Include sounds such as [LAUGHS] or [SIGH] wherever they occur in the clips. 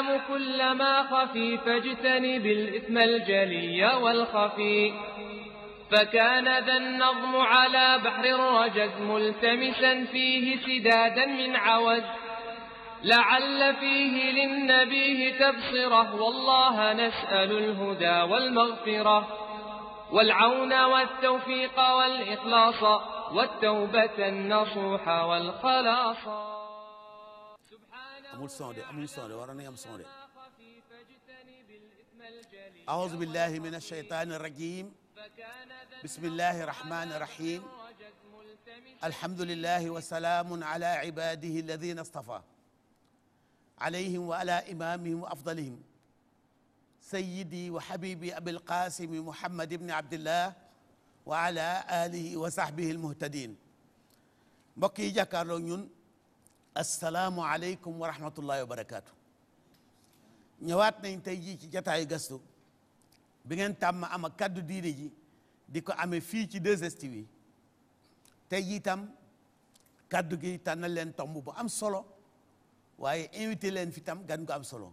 السلام كلما خفي فاجتنب الإثم الجلي والخفي فكان ذا النظم على بحر الرجز ملتمسا فيه سدادا من عوز لعل فيه للنبي تبصره والله نسأل الهدى والمغفرة والعون والتوفيق والإخلاص والتوبة النصوح والخلاص amul sonde amuñu sonde waroon nañu am sonde أعوذ بالله من الشيطان الرجيم بسم الله الرحمن الرحيم الحمد لله وسلام على عباده الذين اصطفى عليهم وعلى إمامهم وأفضلهم سيدي وحبيبي أبي القاسم محمد بن عبد الله وعلى آله وصحبه المهتدين mbokk yi jàkkaarloo ñun asalaamualeykum wa rahmatullahi wa barakaatu. ñëwaat nañ tey jii ci jataayu gastu bi ngeen tàmm ama kaddu diine ji di ko amee fii ci 2 tey jii tam kaddu gi tànnal leen tomb bu am solo waaye invité leen fi tam gan gu am solo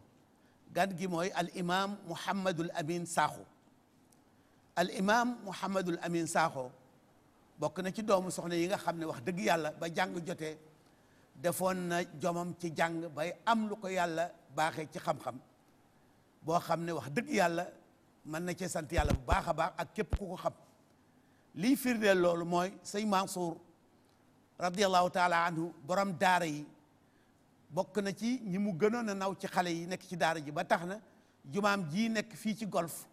gan gi mooy al imam Mouhamadul Amin Sakho al imam Mouhamadul Amin Sakho bokk na ci doomu soxna yi nga xam ne wax dëgg yàlla ba jàng jotee. defoon na jomam ci jàng bay am lu ko yàlla baaxee ci xam-xam boo xam ne wax dëgg yàlla mën na cee sant yàlla bu baax a baax ak képp ku ko xam lii firndeel loolu mooy sëñ Mansour radiallahu taala anhu borom daara yi bokk na ci ñi mu gënoon a naw ci xale yi nekk ci daara ji ba tax na jumaam jii nekk fii ci golf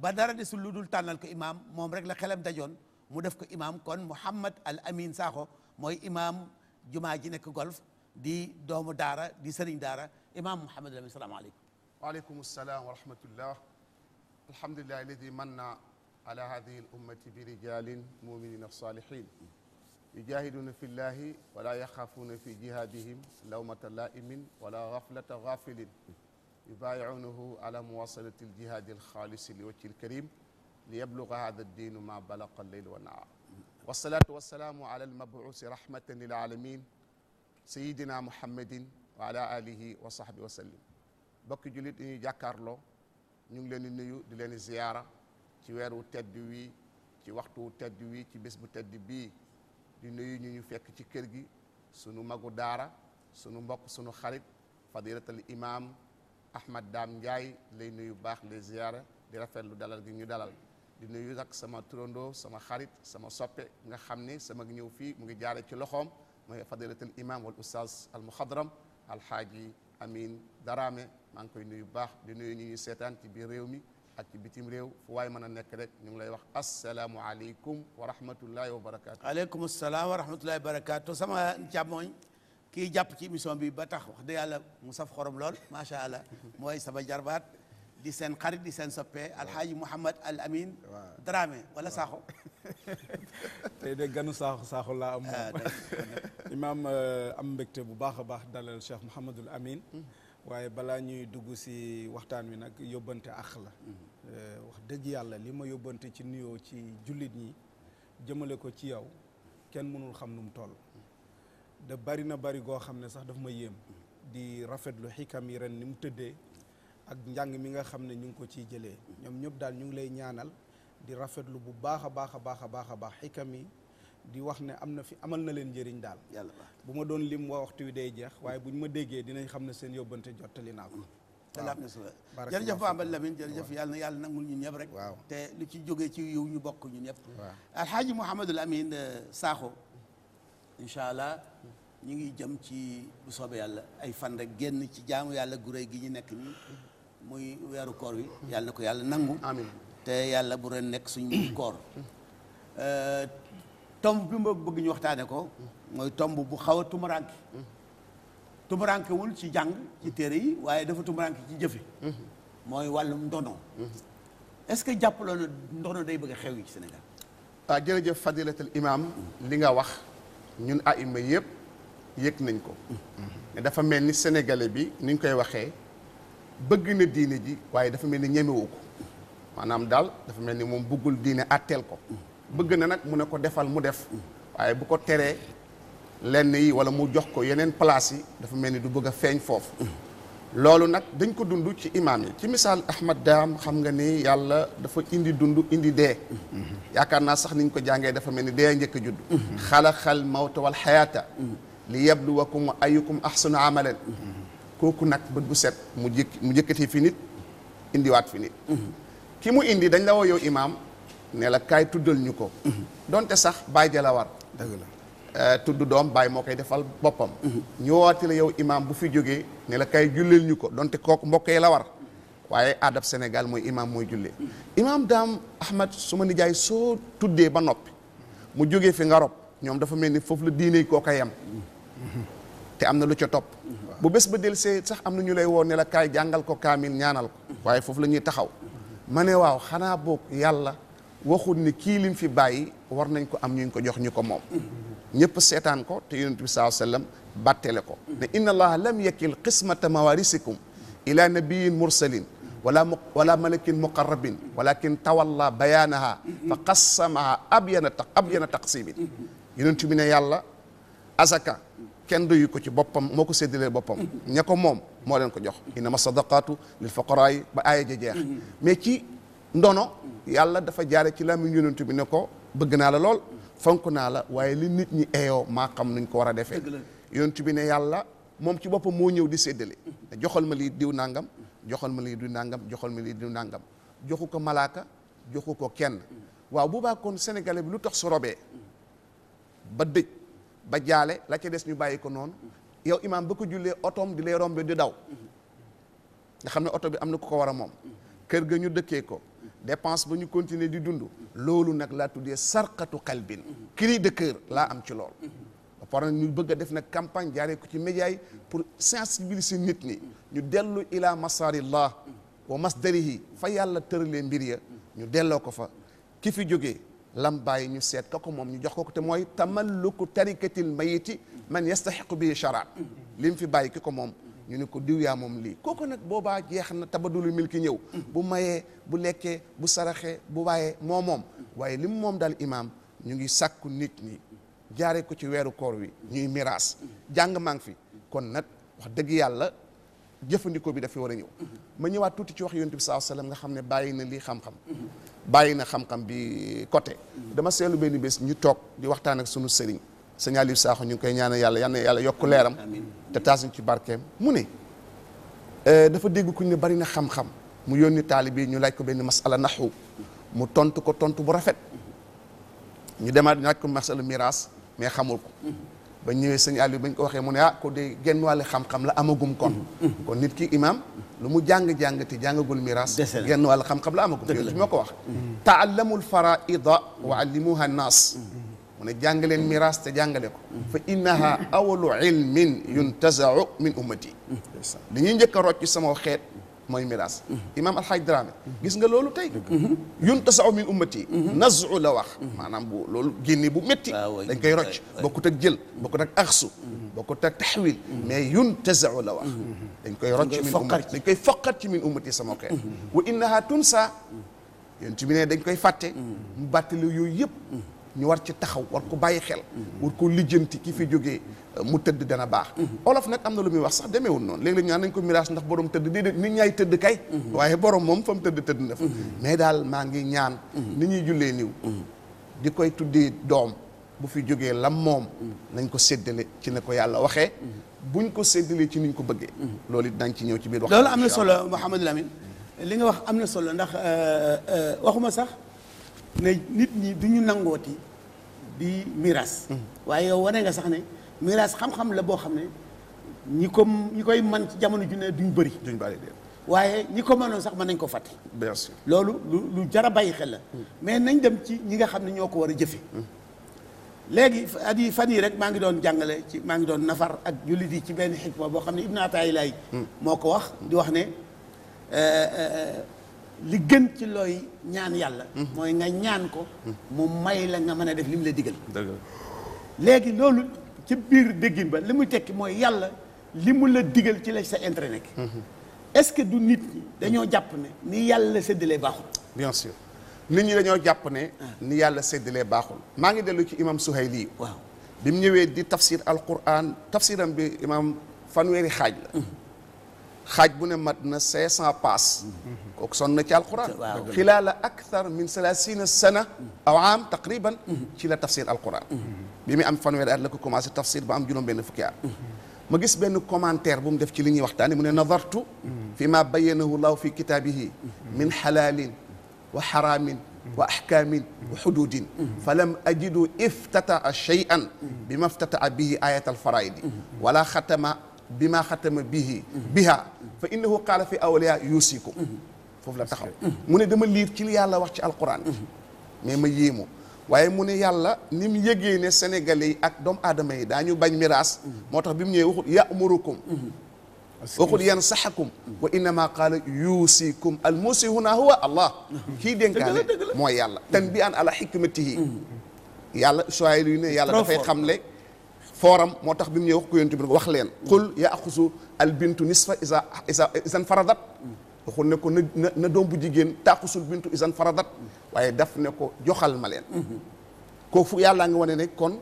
ba dara desul lu dul tànnal ko imaam moom rek la xelam dajoon mu def ko imaam kon Mouhamad al Amin Sakho mooy imaam jumaa ji nekk golf di doomu daara di sëriñ daara imam Mouhamed Lamine salaamaaleykum waaleykum salaam wa rahmatullah alhamdulilah alladi manna ala hadihi al ummati bi rijalin muminina salihin yujahiduuna fi llahi wala yaxaafuuna fi jihadihim lawmata laimin wala gaflata gafilin yubaayicuunahu ala muwasalati aljihadi alxaalisi li wajhi alkarim li yabluga hada addiinu ma balaqa alleyl wa naar wasalaatu wasalaamu ala almabuusi rahmatan lil alamin sayidina muhammadin wa ala alihi wa sahbi wa sallim bokki jullit yi ñuy jàkkaarloo ñu ngi leen di nuyu di leen ziyaara ci weeru tedd wi ci waxtu wu tedd wi ci bés bu tedd bii di nuyu ñu ñu fekk ci kër gi sunu magu daara sunu mbokk sunu xarit fadilatal imam ahmad daam njaay lay nuyu baax les ziyaara di rafetlu dalal gi ñu dalal di nuyu nag sama turandoo sama xarit sama soppe nga xam ni sama ñëw fii mu ngi jaare ci loxoom mooy fadilatul imam wal oustaz al muxadram alhaaji amin daraame maa ngi koy nuyu baax di nuyu ñu ñuy seetaan réew mi ak ci bitim réew fu waay mën a nekk rek ñu ngi lay wax asalaamualeykum wa rahmatullahi wa barakaatu aleykum salaam wa rahmatullahi wa barakaatu sama càmmooñ kii jàpp ci émission bi ba tax wax dëgg yàlla mu saf xorom lool macha allah mooy sama jarbaat di seen xarit di seen soppe alhaaji Mouhamad Al Amin Dramé wala Sakho [LAUGHS] tey de ganu saaxo Sakho laa am moom ah, [LAUGHS] imaam euh, am mbégte bu baax a baax dalal Cheikh Mouhamadul Amin hmm. waaye balaa ñuy dugg si waxtaan wi nag yóbbante àq la hmm. euh, wax dëgg yàlla li ma yóbbante ci nuyoo ci jullit ñi jëmale ko ci yow kenn mënul xam nu mu toll da bari na bari goo xam ne sax daf ma yéem hmm. di rafetlu xikam yi ren ni mu tëddee ak njàng mi nga xam ne ñu ngi ko ciy jëlee ñoom ñëpp daal ñu ngi lay ñaanal di rafetlu bu baax a baax a baax a baax a baax xikam yi di wax ne am na fi amal na leen njëriñ daal bu ma doon lim waa waxtu wi day jeex waaye bu ñu ma déggee dinañ xam ne seen yóbbante jottali naa ko salaam mm. na sula jërëjëf Bamba Lamine jërëjëf yàlla na yàlla nangul ñun ñëpp rek waaw te lu ci jógee ci yow ñu bokk ñun ñëpp alhaaji Mouhamadul Amine euh, Sakho incha allah ñu ngi jëm ci bu soobee yàlla ay fan rek génn ci jaamu yàlla gu réy gi ñu nekk nii muy weeru koor wi yàlla na ko yàlla nangu amiin te yàlla bu ren nekk suñu mu [COUGHS] koor euh, tomb bi ma bëgg ñu waxtaane ko mooy tomb bu xaw a tumuranke ci jàng ci téere yi waaye dafa tumuranke ci jëfe mooy wàllum ndono est-ce que jàppaloo na ndono day bëgg a xew yi ci Sénégal ah, jërëjëf fadilatul imam li nga wax ñun aima yëpp yëg nañ ko mm. dafa mel ni sénégalais bi ni ñu koy waxee bëgg na diine ji waaye dafa mel ni ñemewu ko maanaam daal dafa mel ni moom bëggul diine àtteel ko bëgg na nag mu ne ko defal mu def waaye bu ko teree lenn yi wala mu jox ko yeneen place yi dafa mel ni du bëgg a feeñ foofu loolu nag dañ ko dund ci imaam yi ci misaal Ahmad Daam xam nga ni yàlla dafa indi dund indi dee yaakaar naa sax niñ ko jàngee dafa mel ni dee njëkk a judd xalaxal mawta wal xayaata li yabluwakum ayukum ahsanu amalan kooku nag bët bu set mu jëkk mu jëkkati fi nit indiwaat fi nit ki mu indi dañ la woo yow imaam ne la kaay tuddal ñu ko donte sax baay ja la war euh, tudd doom baay moo koy defal boppam mhm. ñu woote la yow imaam bu fi jógee ne la kaay julleel ñu ko donte kooku mbokk yi la war waaye adab senegal mooy imaam mooy jullee imaam daam Ahmad su ma nijaay soo tuddee ba noppi mu jógee fi nga rob ñoom dafa mel ni foofu la diine kooka yem mhm. te am na lu ca topp mhm. bu bés ba del see sax am na ñu lay woo ne la kaay jàngal ko kaamil ñaanal ko waaye foofu lañuy taxaw ma ne waaw xanaa boog yàlla waxul ni kii lim fi bàyyi war nañ ko am ñu ko jox ñu ko moom ñëpp seetaan ko te yonent bi saa sallam bàttele ko ne inna allaha lam yakil qismata mawarisikum ila nabiyin mursalin wala wala malakin muqarrabin walakin tawalla bayaanaha fa qassamaha abyana taq abyana taqsimin yonent bi ne yàlla azaka kenn doyu ko ci boppam moo ko séddalee boppam ña ko moom moo leen ko jox innama sadaqaatu lil fuqaraa yi ba aaya ja jeex mais ci ndono yàlla dafa jaare ci làmmiñ yonent bi ne ko bëgg naa la lool fonk naa la waaye li nit ñi eeyoo maa xam nuñ ko war a defee yonent bi ne yàlla moom ci boppam moo ñëw di séddale joxal ma lii diw nangam joxal ma lii diw nangam joxal ma lii diw nangam joxu ko malaaka joxu ko kenn waaw bu baax kon sénégalais bi lu tax su robee ba dëj ba jaale la ca des ñu bàyyi ko noonu yow imaam ba ko jullee otoom di lay rombe di daw nga xam ne oto bi am na ku ko war a moom kër ga ñu dëkkee ko depense ba ñu continuer di dund loolu nag laa tuddee sarqatu qalbin cri de cœur laa am ci lool ba pare ñu bëgg a def nag campagne jaaree ko ci média pour pour sensibiliser nit ñi ñu dellu ila masarillah wa masdarihi fa yàlla tëralee mbir ya ñu delloo ko fa ki fi jógee lam bàyyi ñu seet ka ko moom ñu jox ko ko te mooy tamalluku tarikatil mayiti man bi bihi charan lim fi bàyyi ki ko moom ñu ne ko diw moom lii kooku nag boobaa jeex na tabadulu mil ki ñëw bu mayee bu lekkee bu saraxee bu waayee moo moom waaye lim moom daal imaam ñu ngi sàkku nit ñi jaare ko ci weeru koor wi ñuy miraas jàng maa ngi fi kon nag wax dëgg yàlla jëfandikoo bi dafa war a ñëw ma ñëwaat tuuti ci wax yonent bi sallallahu alayhi nga xam ne bàyyi na lii xam bàyyi na xam-xam bi côté dama seetlu benn bés ñu toog di waxtaan ak sunu sëriñ sëñ Aliou Sakho ñu ngi koy ñaanal yàlla yal na yàlla yokk leeram te taas ci barkeem mu ne eh, dafa dégg kuñ ne bari na xam-xam mu yónni taali bi ñu laaj ko benn masala naxu mu tontu ko tontu bu rafet ñu demaat ñu laaj ko masala miraas mais xamul ko ba ñëwee sëñ Aliou ba ko waxee mu ne ah ko de genn wàll xam-xam la amagum kon mm-hmm. kon nit ki imam lu mu jàng-jàng te jàngagul miraas genn wàll xam-xam la amagum yonent moo ko wax mm-hmm. taallamu lfaraida wa allimuha nnaas mm-hmm. mu ne jàng leen miraas te jàngale ko mm-hmm. fa innaha awalu ilmin yuntazau min ummati li ñuy njëkk a rocc sama xeet mooy miraas imaam alxaaj Dramé gis nga loolu tey yuntasau min ummati nazu la wax maanaam bu loolu génne bu métti dañ koy rocc bokkut ak jël bokkut ak axsu bokkut ak taxawil mais te yuntazau la wax dañ koy rocc min ummati dañ koy foqat ci min ummati sama xeet wa innaha tunsa yéen ci bi ne dañ koy fàtte mu bàttale yooyu yëpp ñu war ci taxaw war ko bàyyi xel war ko lijjanti ki fi jógee mu tëdd dana baax olof nag am na lu muy wax sax demeewul noonu léeg-léeg ñaan naan nañ ko miraas ndax borom tëdd de nit ñaay tëdd kay waaye borom moom fa mu tëdd tëdd na fa mais daal maa ngi ñaan ni ñuy jullee niw di koy tuddee doom bu fi jógee lam moom nañ ko séddale ci ne ko yàlla waxee buñ ko séddalee ci niñ ko bëggee loolu it dañ ci ñëw ci biir wax loolu am na solo Mouhamadou Lamine li nga wax am na solo ndax euh, euh, waxuma sax ne nit ñi duñu nangoo ti di miras waaye yow wane nga sax ne miras xam-xam la boo xam ne ñi ko ñi koy man ci jamono ju ne duñ bëri duñ bëri waaye ñi ko mënoon sax mën nañ ko fàtte bien loolu lu lu jar a bàyyi xel la mm. mais nañ dem ci ñi nga xam ne ñoo ko war a jëfe mm. léegi at fan yi rek maa ngi doon jàngale ci maa ngi doon nafar ak jullit yi ci benn xikma boo xam ne Ibn Ataay laay hmm. moo ko wax di wax ne eh, eh, eh, li gën ci looy ñaan yàlla hmm. mooy nga ñaan ko hmm. mu may la nga mën a def li mu la digal léegi loolu ci biir déggin ba li mu tekki mooy yàlla li mu la digal ci la sa intérêt nekk est-ce que du nit ñi dañoo jàpp ne ni yàlla séddalee baaxul bien nit ñi dañoo jàpp ne ni yàlla séddalee baaxul maa ngi dellu ci imam Suhayli waaw bi mu ñëwee di tafsir alquran tafsiram bi imam fanweeri xaaj la mm-hmm. xaaj bu ne mat na cinq cent paas mm-hmm. kooku sonn na ci alquran xilaala akthar min salasina sana aw am taqriban mm-hmm. ci la tafsir alquran bi mu am fanweeri at la ko commencé tafsir ba am juróom benn fukki at ma gis benn commentaire bu mu def ci li ñuy waxtaane mu ne nadartu fi ma bayyanahu llahu fi kitaabihi min xalaalin wa xaraamin wa axkaamin wa xuduudin fa lam ajidu iftataa cheyan bi ma ftataa bihi ayat alfaraidi wala xatama bi ma xatama bi biha fa innahu qaala fi awliya yuusikum foofu la taxaw mu ne dama liir ci li yàlla wax ci alquran mais ma yéemu waaye mu ne yàlla ni mu yëgee ne sénégalais yi ak doomu aadama yi daa ñu bañ miraas moo tax bi mu ñëwee waxut yamurukum waqul yansahakum wa innama qaala yuusikum al muusi huna huwa allah kii dénkaane mooy yàlla tan bi an ala hikmatihi yàlla soayi luy ne yàlla dafay xamle fooram moo tax bi mu ñëw wax ko yonent bi wax leen qul yaaxusu al bintu nisfa isa isa isan faradat waxul ne ko na na doom bu jigéen taaxusul bintu isan faradat waaye daf ne ko joxal ma leen mhm. koo fu yàllaa ngi wane ne kon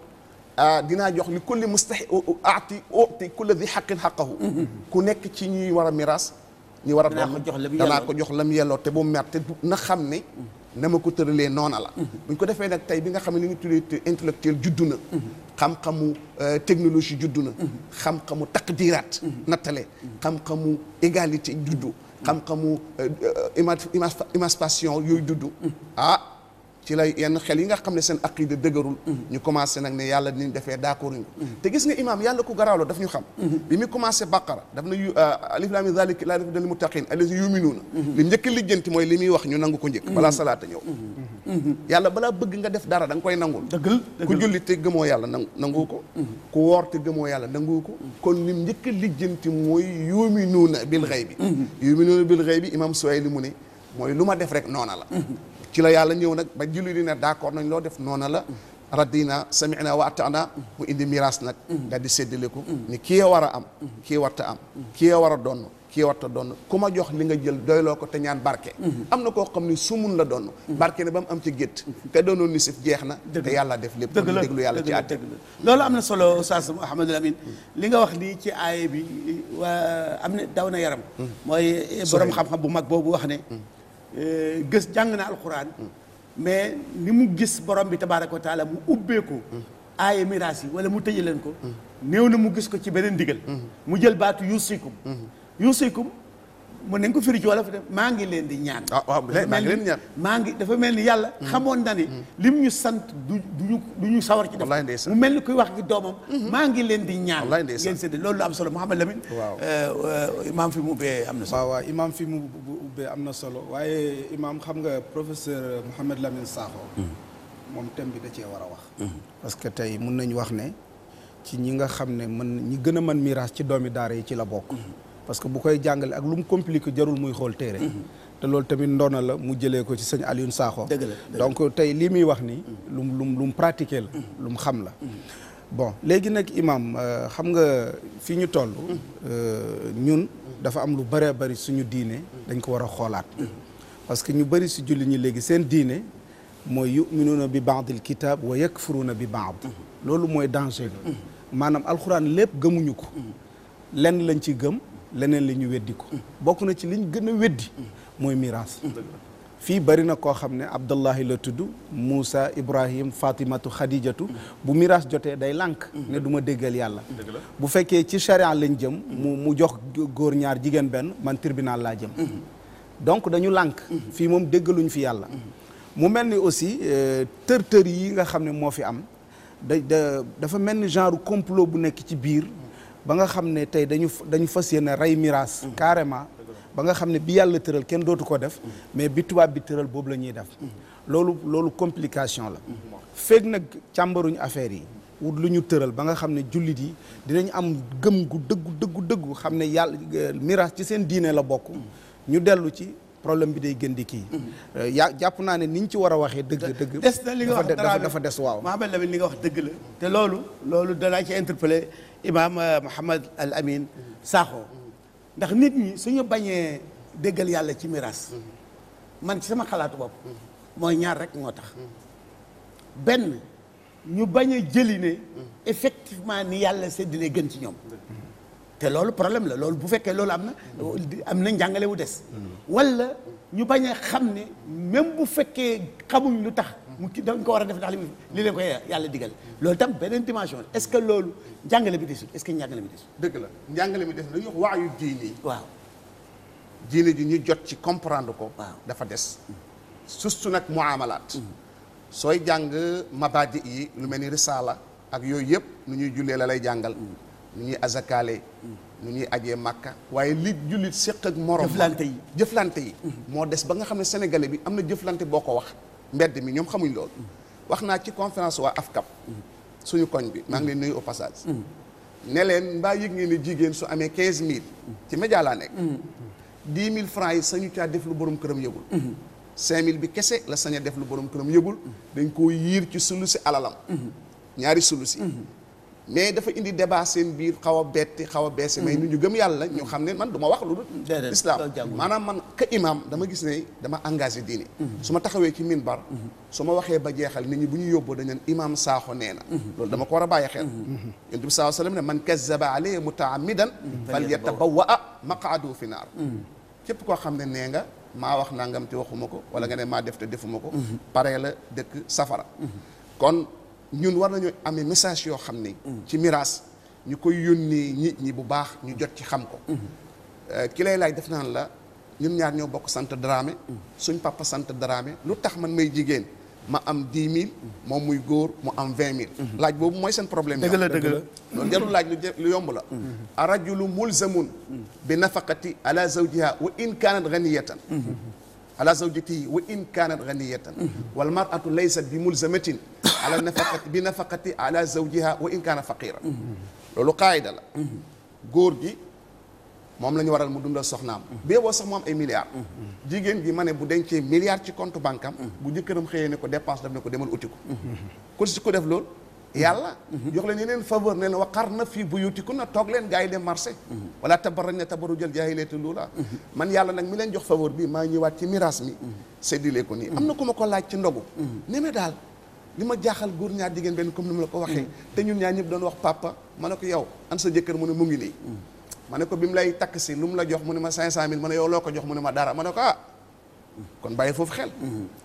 Ah, dinaa jox li kulli mustahi aati uti kulli di xaqin xaqahu ku nekk ci ñuy war a miraas ñu war a doon danaa ko jox lam yelloo te bu mer te na xam ne na ma ko tëralee noona la buñ ko defee nag tey bi nga xam ne ni ñu tuddee intellectuel juddu na xam-xamu euh, technologie juddu na xam-xamu taqdiraat nattale xam-xamu égalité juddu xam-xamu émancipation euh, euh, yooyu juddu ah ci lay yenn xel yi nga xam ne seen aqida dëgërul ñu commencé nag ne yàlla niñ defee d'accord ñu te gis nga imaam yàlla ku garaaw la daf ñu xam bi mu commencé baqara daf na euh, alif laam miim zaalika laa daf dal muttaqiin allaziina yu'minuuna li njëkk lijjanti mooy li muy wax ñu nangu ko njëkk balaa salaata ñëw yàlla balaa bëgg nga def dara da nga koy nangul ku julli te gëmoo yàlla nangu nangu ko ku woor te gëmoo yàlla nangu ko kon lim njëkk lijjanti mooy yu'minuuna bil ghaybi mm-hmm. yu'minuuna bil ghaybi imaam Suwayli mu ne mooy lu ma def rek noona la ci la yàlla ñëw nag ba julli di ne d'accord nañ loo def noona la radina samina wa atana mu indi miraas nag daal di ko ni kii war a am kii warta am kii war a donn kii warta donn ku ma jox li nga jël doyloo ko te ñaan barke am na koo xam ni sumun la donn barke ba mu am ci gétt ka doonoon ni sif jeex na te yàlla def lépp dëgg déglu yàlla ci àtte loolu am na solo Oustaz Mouhamadou Lamine li nga wax nii ci aaye bi waa am na daw na yaram hmm. mooy borom xam-xam bu mag boobu wax ne Euh, gës jàng na alxuraan mais ni mu gis borom bi tabaaraka wa taala mu ubbee ko aaye miraas yi wala mu tëje leen ko néew na mu gis ko ci beneen ndigal mm-hmm. mu jël baatu yuusikum mm-hmm. yuusikum mën nañ ko firi ci wolof de maa ngi leen di ñaan. ah waaw maa ngi leen di maa ngi dafa mel ni yàlla. Hmm. xamoon na ni. Hmm. lim ñu sant du duñu duñu sawar ci def mu mel ni kuy wax ci doomam. Hmm. maa ngi leen di ñaan. wallaay ndeysaan ngeen séddale loolu am solo Mouhamed Lamine. waaw euh, euh, imaam fi mu ubbee am na solo. waaw waaw imaam fi mu ubbee am na solo waaye imaam xam nga professeur Mouhamed Lamine Sakho. moom thème bi da cee war a wax. parce que tey mun nañu wax ne ci ñi nga xam ne mën ñi gën a mën miraas ci doomi daara yi ci la bokk. parce que bu koy jàngale ak lu mu compliqué jarul muy xool téere mhm. te loolu tamit ndoona la mu jëlee ko ci sëñ Alioune Sakho donc tey lii muy wax nii mhm. lum lum lu mu pratiqué la mhm. lu mu xam la bon léegi nag imam euh, xam nga fi ñu toll euh, ñun dafa am lu bëree bari suñu diine dañ ko war a xoolaat parce que ñu bëri si julli ñu léegi seen diine mooy yuminuuna bi baadil kitab wa na bi baad loolu mooy danger bi maanaam alxuraan lépp gëmuñu ko lenn lañ ci gëm leneen li ñu weddi ko bokk na ci li ñu gën weddi mooy miraas fii bari na koo xam ne Abdallahi la tudd Moussa Ibrahim Fatimatu Khadijatu bu miraas jotee day lànk ne du ma déggal yàlla bu fekkee ci charia lañ jëm mu mu jox góor ñaar jigéen benn man tribunal laa jëm donc dañu lànk fii moom déggaluñ fi yàlla mu mel ni aussi euh, tër tër yi nga xam ne moo fi am da dafa mel ni genre complot bu nekk ci biir ba nga xam ne tey dañu dañu fas yéene rey miraas mm-hmm. carrément ba nga xam ne bi yàlla tëral kenn dootu ko def mm-hmm. mais bi tubaab bi tëral boobu la ñuy def mm-hmm. loolu loolu complication la feeg nag càmbaruñu affaire yi wut lu ñu tëral ba xam ne jullit yi dinañ am gëm gu dëggu dëggu dëggu xam ne yàlla euh, miraas ci seen diine la bokk ñu dellu ci problème bi day gën di kii euh, yaa jàpp naa ne ni ñu ci war a waxee dëgg dëgg des na li nga wax dafa des waaw Mohamed nga wax dëgg la te loolu danaa ci interpellé imaam euh, Mouhamed Al Amin Sakho ndax nit ñi suñu bañee déggal yàlla ci miraas man ci sama xalaatu bopp mooy ñaar rek moo tax benn ñu bañ a jëli effectivement ni yàlla dina gën ci ñoom te loolu problème la loolu bu fekkee loolu am na am na njàngale wu des wala ñu bañ a xam ne même bu fekkee xamuñ lu tax mu ki dañ ko war a def ndax li li leen ko yàlla digal loolu tam beneen dimension est ce que loolu njàngale bi desul est ce que njàngale bi desul dëgg la njàngale bi desul dañuy wax waayu diine yi ji ñu jot ci comprendre ko dafa des mm-hmm. surtout nag muamalaat mm-hmm. sooy jàng mabadi yi lu mel ni risaala ak yooyu yëpp nu ñuy jullee la lay jàngal mm-hmm. nu ñuy azakale nu ñuy ajee màkka waaye li jullit séq ak morom jëflante yi moo des ba nga xam ne sénégalais bi am na jëflante boo ko wax mbedd mi ñoom xamuñ loolu wax naa ci conférence waa AFCAP suñu koñ bi maa ngi leen nuyu au passage ne leen mbaa yëg ngeen ne jigéen su amee quinze mille ci média laa nekk dix mille francs yi sañu caa def lu borom këram yëgul cinq mille bi kese la sañ def lu borom këram yëgul dañ koo yiir ci sulu si alalam ñaari sulu si mais dafa indi débat seen biir xaw a betti xaw a beese mais mm-hmm. nu ñu gëm yàlla ñu xam ne man du ma wax lu dul islam maanaam man ka imam dama gis ne dama engagé diine mm-hmm. su ma taxawee ci minbar mm-hmm. su ma waxee ba jeexal nit ñi bu ñu yóbboo dañ naan imam saaxo nee na loolu dama ko war a bàyyi xel yonent bi saa sallam ne man kazzaba alayhi mutaamidan falyatabawwa maqaadu fi naar képp koo xam ne nee nga maa wax nangam te waxuma ko wala nga ne maa def defuma ko pare la dëkk safara ñun war nañu amee message yoo xam ne. Mm. ci miraas ñu koy yónnee nit ñi bu baax ñu jot ci xam ko. Mm-hmm. Euh, ki lay laaj def naan la ñun ñaar ñoo bokk sant Dramé. Mm. suñ papa sant Dramé lu tax man may jigéen. ma am dix mille mm. moom muy góor mu am vingt mille mm-hmm. laaj boobu mooy seen problème dëgg la dëgg la loolu jarul laaj lu yomb la mm-hmm. a rajulu mulzamun bi nafaqati ala zawjiha wa in kanat ganiyatan ala zawjatihi wa in kaanat ganiyatan wal mar'atu laysat bi mulzamatin ala nafaqati bi nafaqati ala zawjiha wa in kaana faqiran loolu qaayida la góor gi moom la ñu waral mu dundal soxnaam bee boo sax mu am ay milliards jigéen gi ma ne bu dencee milliards ci conte banque am bu jëkkëram xëyee ne ko dépense daf ne ko demal uti ko ku si ko def lool yàlla mhm. jox leen yeneen faveur ne leen waqar na fii buyutikunna toog leen gars yi dem marché mhm. wala tabarrañ na tabarrujal jaahiliyati luula mhm. man yàlla nag mi leen jox faveur bi maa ñëwaat ci miraas mi séddile ko nii am na ku ma ko laaj ci ndogu ne ma daal li ma jaaxal góor ñaar jigéen benn comme ni ma la ko waxee te ñun ñaar ñëpp doon wax papa ma ne ko yow an sa jëkkër mu ne mu ngi nii ma ne ko bi mu lay takk si lu mu la jox mu ne ma cinq cent mille ma loo ko jox mu ma dara ma ko ah, kon bàyyi foofu xel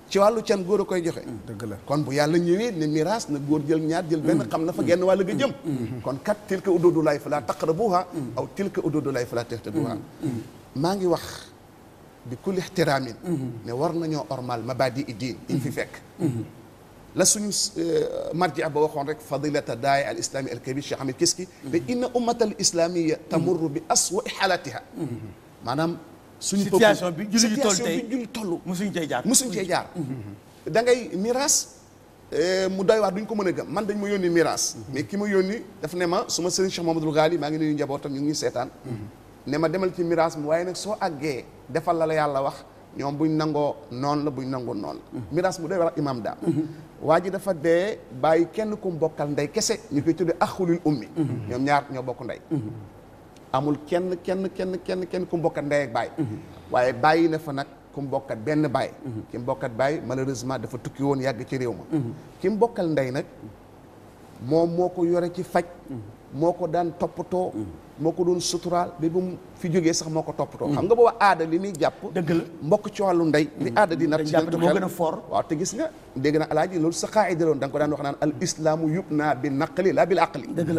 ci wàllu can góor a koy joxe dëgg la kon bu yàlla ñëwee ne miraas na góor jël ñaar jël benn xam na fa genn wàll ga jëm kon kat tilka a lay fa laa taqrabuha aw tilka ududu lay fa laa tahtaduha maa ngi wax bi kulli ihtiraamin ne war nañoo ormal mabadi i diin fi fekk la suñu euh, marjia ba waxoon rek fadilata daay al islami al kabir Cheikh Hamid Kiski ne inna ummata al islamia tamurru bi aswa xalatiha maanaam suñu situation bi jullit yi toll tey jullit toll musuñ cee jaar musuñ cee mm-hmm. da ngay miraas eh, mu doy waar duñ ko mën a gëm man dañ ma yónni miraas mm-hmm. mais ki ma yónni daf ne ma su ma sëriñ Cheikh Mamadou Ghali maa ngi nuyu njabootam ñu ngi seetaan mm-hmm. ne ma demal ci miraas mi waaye nag soo àggee defal la la yàlla wax ñoom buñ nangoo noonu la buñ nangoo noonu la miraas mu doy waar imam daal waa ji dafa dee bàyyi kenn ku bokkal ndey kese ñu koy tuddee axulul ummi ñoom ñaar ñoo bokk ndey amul kenn kenn kenn kenn kenn ku mbokkat ndey ak baay waaye bàyyi na fa nag ku mbokkat benn baay ki mbokkat baay malheureusement dafa tukki woon yàgg ci réew ma ki mbokkal ndey nag moom moo ko yore ci faj moo ko daan toppatoo moo ko doon suturaal ba bu mu fi jógee sax moo ko toppatoo mm. xam nga booba aada li muy jàpp dëgg la mbokk ci wàllu ndey li mm. aada di nat ci moo gën a fort waaw te gis nga dégg na alaaji loolu sa xaayida da nga ko wax naan al islaamu yub naa bi naqli laa bil aqli dëgg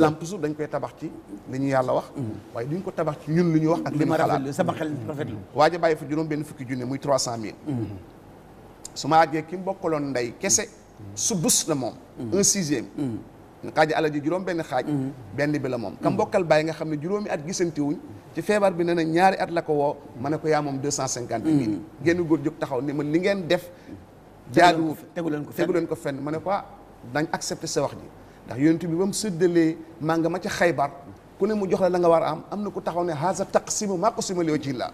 la dañ koy tabax ci li ñu yàlla wax mm. waaye duñ ko tabax ci ñun lu ñu wax ak li ma xalaat sama xel rafetlu waa ji bàyyi fa juróom benn fukki junne muy trois cent mille su ma àggee ki mbokk mbokkaloon ndey kese su dus la moom un sixième nga xaaji ji juróom benn xaaj mhm. benn bi la moom kam mhm. mbokkal bàyyi nga xam ne juróomi at gisantewuñ ci feebar bi ne na ñaari at la ko woo ma ne ko yaa moom deux cent cinquante mille mhm. genn góor jóg taxaw ne ma li ngeen def jaaduwu wu tegu leen ko fenn ma ne ko ah, dañ accepté sa wax ji ndax yonent bi ba mu séddalee maa nga ma ca xaybar ku ne mu jox la la nga war a am am na ku taxaw ne haza taqsimu maa qasima li wajhillah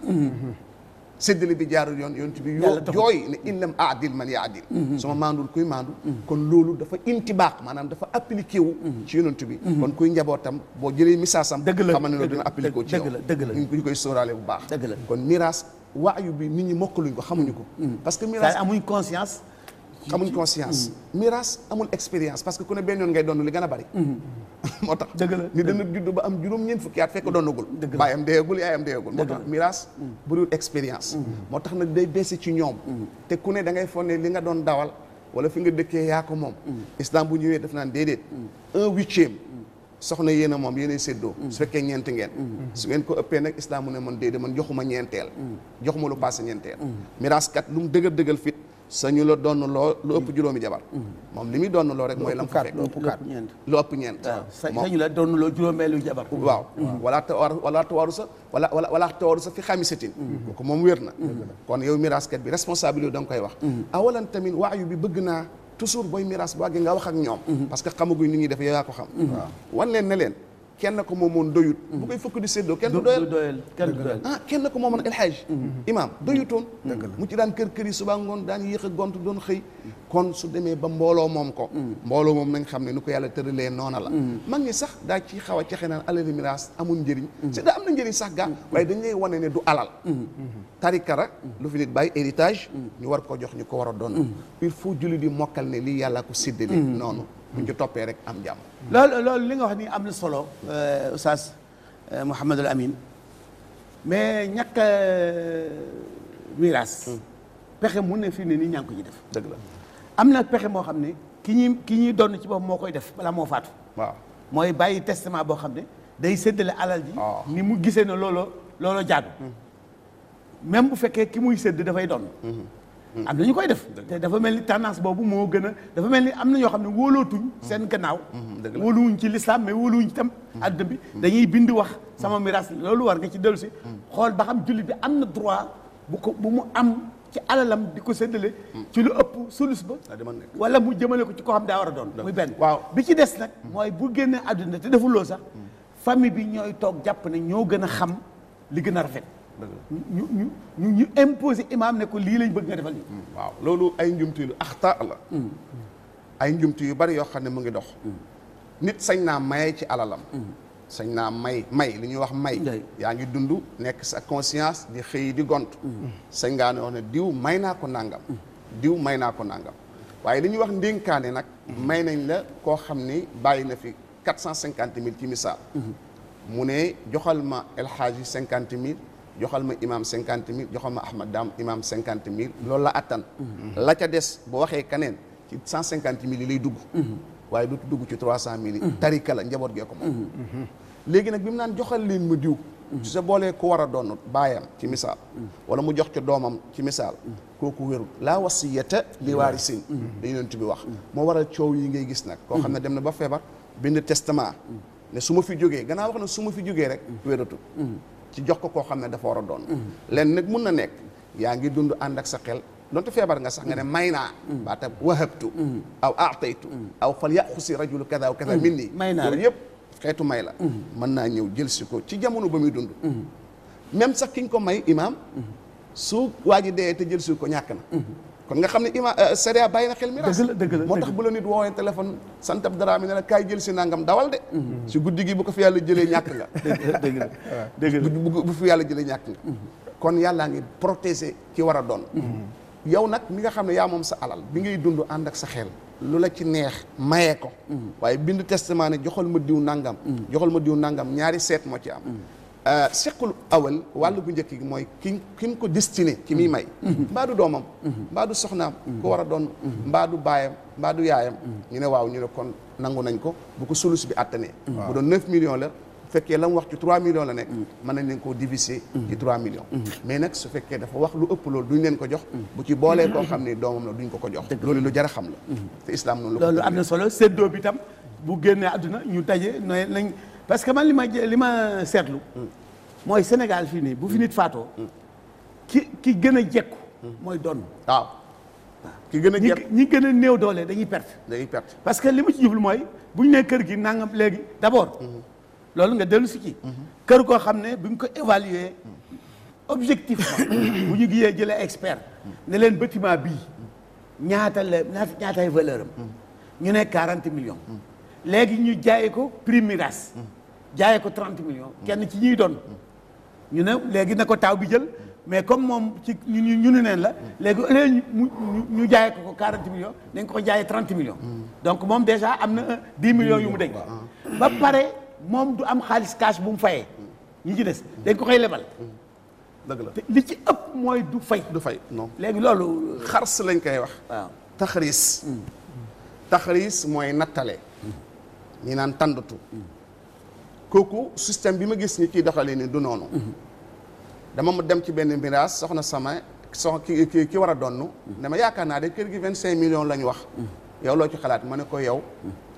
séddale bi jaarul yoon yoon bi yoo jooy ne illam aadil man yaadil mhm. sama maandul kuy maandu kon loolu dafa intibaax maanaam dafa appliqué wu mhm. ci yonent bi mhm. kon kuy njabootam boo jëlee misaasam xamal ne loolu dina appliqué wu ci yow ñu koy sóoraale bu baax kon miraas waayu bi nit ñi mokkaluñ ko xamuñu ko parce que miraas amuñ conscience amuñ conscience miraas mm-hmm. amul expérience parce que ku ne benn yoon ngay doon li gën a bari mm-hmm. moo tax dëgg la ni dana judd ba am juróom ñeent fukki at fekk doonagul baayam deeyagul yaayam deeyagul moo tax miraas mm-hmm. buriwul expérience moo tax nag day dese ci ñoom te ku ne da ngay foog li nga doon dawal wala fi nga dëkkee yaa moom islam bu ñëwee def naan déedéet un huitième soxna yéen a moom yéenay séddoo su fekkee ñeent ngeen su ngeen ko ëppee nag islam mu ne man déedéet man joxuma ñeenteel joxuma lu passé ñeenteel miraas kat lu mu dëgër dëgal fit sañu la donn loo lu ëpp juróomi jabar moom li muy donn loo rek mooy lam fa fekk lu ëpp ñeent lu ëpp ñeent sañu la donn loo juróomeelu jabar waaw walaa ta war walaa ta waru sa wala wala walaa ta waru sa fi xamisatin moom wér na kon yow miraaskat bi responsable da nga koy wax awalan tamit waayu bi bëgg naa toujours booy miraas boo àggee nga wax ak ñoom mm-hmm. parce que xamaguñ ñi ñuy def yow yaa ko xam mm-hmm. wan leen ne leen kenn ko moomoon doyut bu koy fukk di séddoo kenn du doyal ah kenn ko moomoon El Hadj mhm. imaam doyutoon mu ci daan kër kër yi suba ngoon daan yéex a gont doon xëy kon su demee ba mbooloo moom ko mhm. mbooloo moom nañ xam ne nu ko yàlla tëralee noona la mhm. mag ñi sax daa ci xaw a caxe naan alal miraas amul njëriñ si daa am na njëriñ sax gaa waaye dañ lay wane ne du alal tarikara lu fi nit bàyyi héritage ñu war ko jox ñu ko war a doon il faut julli di mokkal ne lii yàlla ko séddale noonu buñ ci toppee rek am jàmm. loolu loolu li nga wax ni am na solo euh, Oustaz euh, Mouhamadul Amine mais ñakk a euh, miraas hmm. pexe mu ne fii nii ñaa ngi ko ci def. dëgg am na pexe moo xam ne ki ñuy ki ñuy donn ci boppam moo koy def balaa moo faatu. waaw mooy bàyyi testament boo xam ne day séddale alal ji. Ah. ni mu gisee ne looloo looloo jaadu. Hmm. même bu fekkee ki muy sédd dafay donn hmm. am na ñu koy def te dafa mel ni tendance boobu moo gën a dafa mel ni am na ñoo xam ne wóolootuñ mm-hmm. seen gannaaw mm-hmm. Mm-hmm. wóoluwuñ ci lislaam mais wóoluwuñ tam adduna bi dañuy bindi wax sama miraas loolu war nga ci dellu si xool ba xam jullit bi am na droit bu ko bu mu am ci alalam di ko séddale ci lu ëpp sulus ba wala mu jëmale ko ci koo xam daa war a doon muy benn waaw bi ci des nag mooy bu génnee adduna te defuloo sax famille bi ñooy toog jàpp ne ñoo gën a xam li gën a rafet ñu ñu ñu imaam ne ko lii lañ bëgg nga defal ñu. Mm, waaw loolu ay njumti yu axta la. Mm. ay njumti yu bari yoo xam ne mu ngi dox. Mm. nit sañ naa maye ci alalam. sañ naa may may li ñuy wax may. yaa ngi dund nekk sa conscience di xëy di gont. sañ ngaa ne diw may naa ko nangam. diw may naa ko nangam waaye li ñuy wax ndénkaane nag. may nañ la koo xam ni bàyyi na fi quatre cent cinquante mille ci misaal. Mm-hmm. mu ne joxal ma El Hadji cinquante mille. joxal ma imaam cinquante mille joxal ma ahmad daam imaam cinquante mille loolu la attan la ca des bu waxee kaneen ci cent cinquante mille yi lay dugg waaye du dugg ci trois cent mil yi tarika la njaboot gee ko moom léegi nag bi mu naan joxal leen ma diw su sa boolee ku war a doon baayam ci misaal wala mu jox ca doomam ci misaal kooku wérul laa si wasiyata li waarisin la yonent bi wax moo waral coow yi ngay gis nag koo xam ne dem na ba feebar bind testament ne su ma fi jógee gannaaw wax na su ma fi jógee rek wératu ci jox ko koo xam ne dafa war a doon leen nag mun na nekk yaa ngi dund ànd ak sa xel donte feebar nga sax nga ne may naa mm. baata wahabtu mm. aw aataytu mm. aw fal yaxusi rajulu kada wa kada min nii loolu yëpp xeetu may la mën naa ñëw jël si ko ci jamono ba muy dund même sax ki ñu ko may imaam su waa ji dee te jël si ko ñàkk na kon nga xam ne ima euh, Séria bàyyi na xel miraas dëgg la dëgg la moo tax bu la nit woowee téléphone sant ab dara mi ne la kaay jël si nangam dawal de mm-hmm. si guddi gi bu ko fi yàlla jële ñàkk nga [LAUGHS] dëgg la dëgg la [LAUGHS] bu fi yàlla jëlee ñàkk mm-hmm. kon yàllaa ngi protéger ci war a doon mm-hmm. yow nag mi nga xam ne yaa moom sa alal bi ngay dund ànd ak sa xel lu la ci neex mayee ko waaye bind testament ne joxal ma diw nangam joxal ma diw nangam ñaari seet moo ci am Euh, siqul awal wàllu bu njëkk gi mooy ki ki mu ko destiné ki muy may mbaa du doomam mbaa du soxnaam ku war a doon mbaa du baayam mbaa du yaayam ñu ne waaw ñu ne kon nangu nañ ko bu ko sulus bi attanee bu doon neuf millions la bu la wax ci 3 millions la nekk. Mm. mën nañ leen koo diviser. Mm. ci 3 millions. Mm. mais nag su fekkee dafa wax lu ëpp loolu duñ leen ko jox. bu ci boolee koo xam ne doomam la duñ ko ko jox. loolu lu jar a xam la. te islam noonu la ko loolu am na solo séddoo bi tam bu génnee àdduna ñu daje nooy nañ. parce que man li ma li ma seetlu. mooy Sénégal fii nii bu fi nit faatoo. ki ki gën a jekku. mooy donn waaw ki gën a jekku ñi gën a néew doole dañuy perte. dañuy perte parce que li ma ci jublu mooy bu ñu nee kër gi nangam léegi d' abord. loolu nga dellu si ci. kër koo xam ne bu ñu ko évaluer objectif bu ñu gisee jëlee expert. ne leen bâtiment bii ñaata la ñaata ñaataay am. ñu ne quarante million léegi ñu jaayee ko prix miras jaayee ko 30 millions kenn ci ñuy doon ñu ne léegi na ko taaw bi jël mais comme moom ci ñu ñu ne neen la léegi léegi mu ñu jaayee ko ko 40 millions dañ ko jaayee 30 millions donc moom déjà am na 10 millions yu mu denc ba pare moom du am xaalis cash bu mu fayee ñi ci des dañ ko koy lebal dëgg li ci ëpp mooy du fay du fay non léegi loolu xars lañ koy wax waaw taxariis mm. taxariis mooy nattale ñi naan tàndatu kooku système bi ma gis ni kii doxalee ni du noonu dama mu dem ci benn miraas soxna sama sox ki ki ki war a donn ne ma yaakaar naa de kër gi vingt cinq millions la ñu wax yow loo ci xalaat ma ne ko yow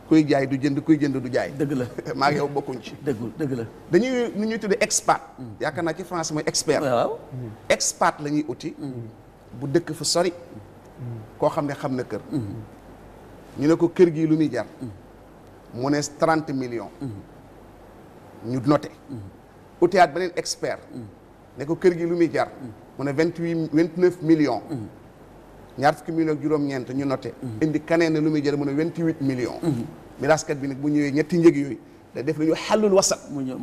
kuy jaay du jënd kuy jënd du jaay dëgg la [LAUGHS] maa ngi yow bokkuñ ci dëggul dëgg la dañuy nu ñuy tuddee expat yaakaar naa ci France mooy expert waaw mm-hmm. expat la ñuy uti mm-hmm. bu dëkk fu sori mm-hmm. koo xam ne xam na kër ñu ne ko kër gi lu muy jar mu ne trente million ñu noté. utaat beneen expert. ne kër gi lu muy jar. mu ne vingt huit vingt neuf millions. ñaar fukki millions ak juróom-ñeent ñu note indi kaneen ne lu muy jar mu ne vingt huit millions. miraaskat bi nag bu ñëwee ñetti njeg yooyu. da def lu ñu xàllul wasat. mu ñëw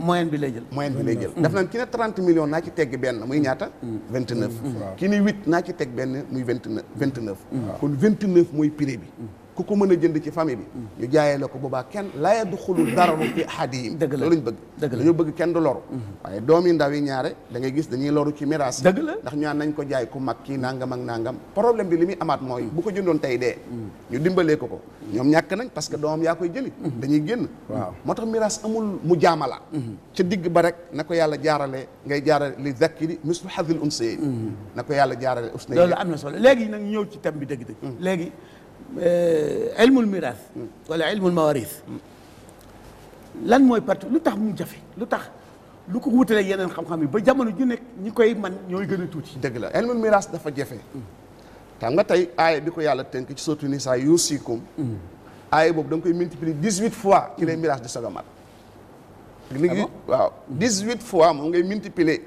moyenne bi lay jël. moyenne bi lay jël. daf naan ki ne 30 naa ci tegg benn muy ñaata. 29 ki ne 8 naa ci teg benn muy 29. 29 mm-hmm. mm-hmm. mm-hmm. kon 29 mooy prix bi. ku ko mën a jënd ci famille bi ñu jaayee la ko boobaa kenn laya duxulu dararu fi ahadihim loolu ñu bëgg dañoo bëgg kenn du loru waaye doomi ndaw yi ñaare dangay gis dañuy loru ci miraas dëgg la ndax ñu nañ ko jaay ku mag kii nangam ak nangam problème bi li muy amaat mooy bu ko jëndoon tey dee ñu dimbalee ko ko ñoom ñàkk nañ parce que doomam yaa koy jëli mm-hmm. dañuy génn waaw moo tax miraas amul mu jaamala mm-hmm. ca digg ba rek na ko yàlla jaarale ngay jaarale li zakiri mislu hazil unsayin mm-hmm. na ko yàlla jaarale usna loolu am na solo léegi nag ñëw ci thème bi dëgg-dëgg mm. léegi ilmul miraas wala ilmul mawaris lan mooy parti lu tax mu jafe lu tax lu ko wutale yeneen xam yi ba jamono ju nekk ñi koy man ñooy gën a tuuti dëgg la ilmul miraas dafa jafe xam nga tey aaya bi ko yàlla tënk ci sotu ni saa yuusikum aaya boobu da nga koy multiplier dix huit fois ci les miraas di sogamat ah waaw dix huit fois moom ngay multiplier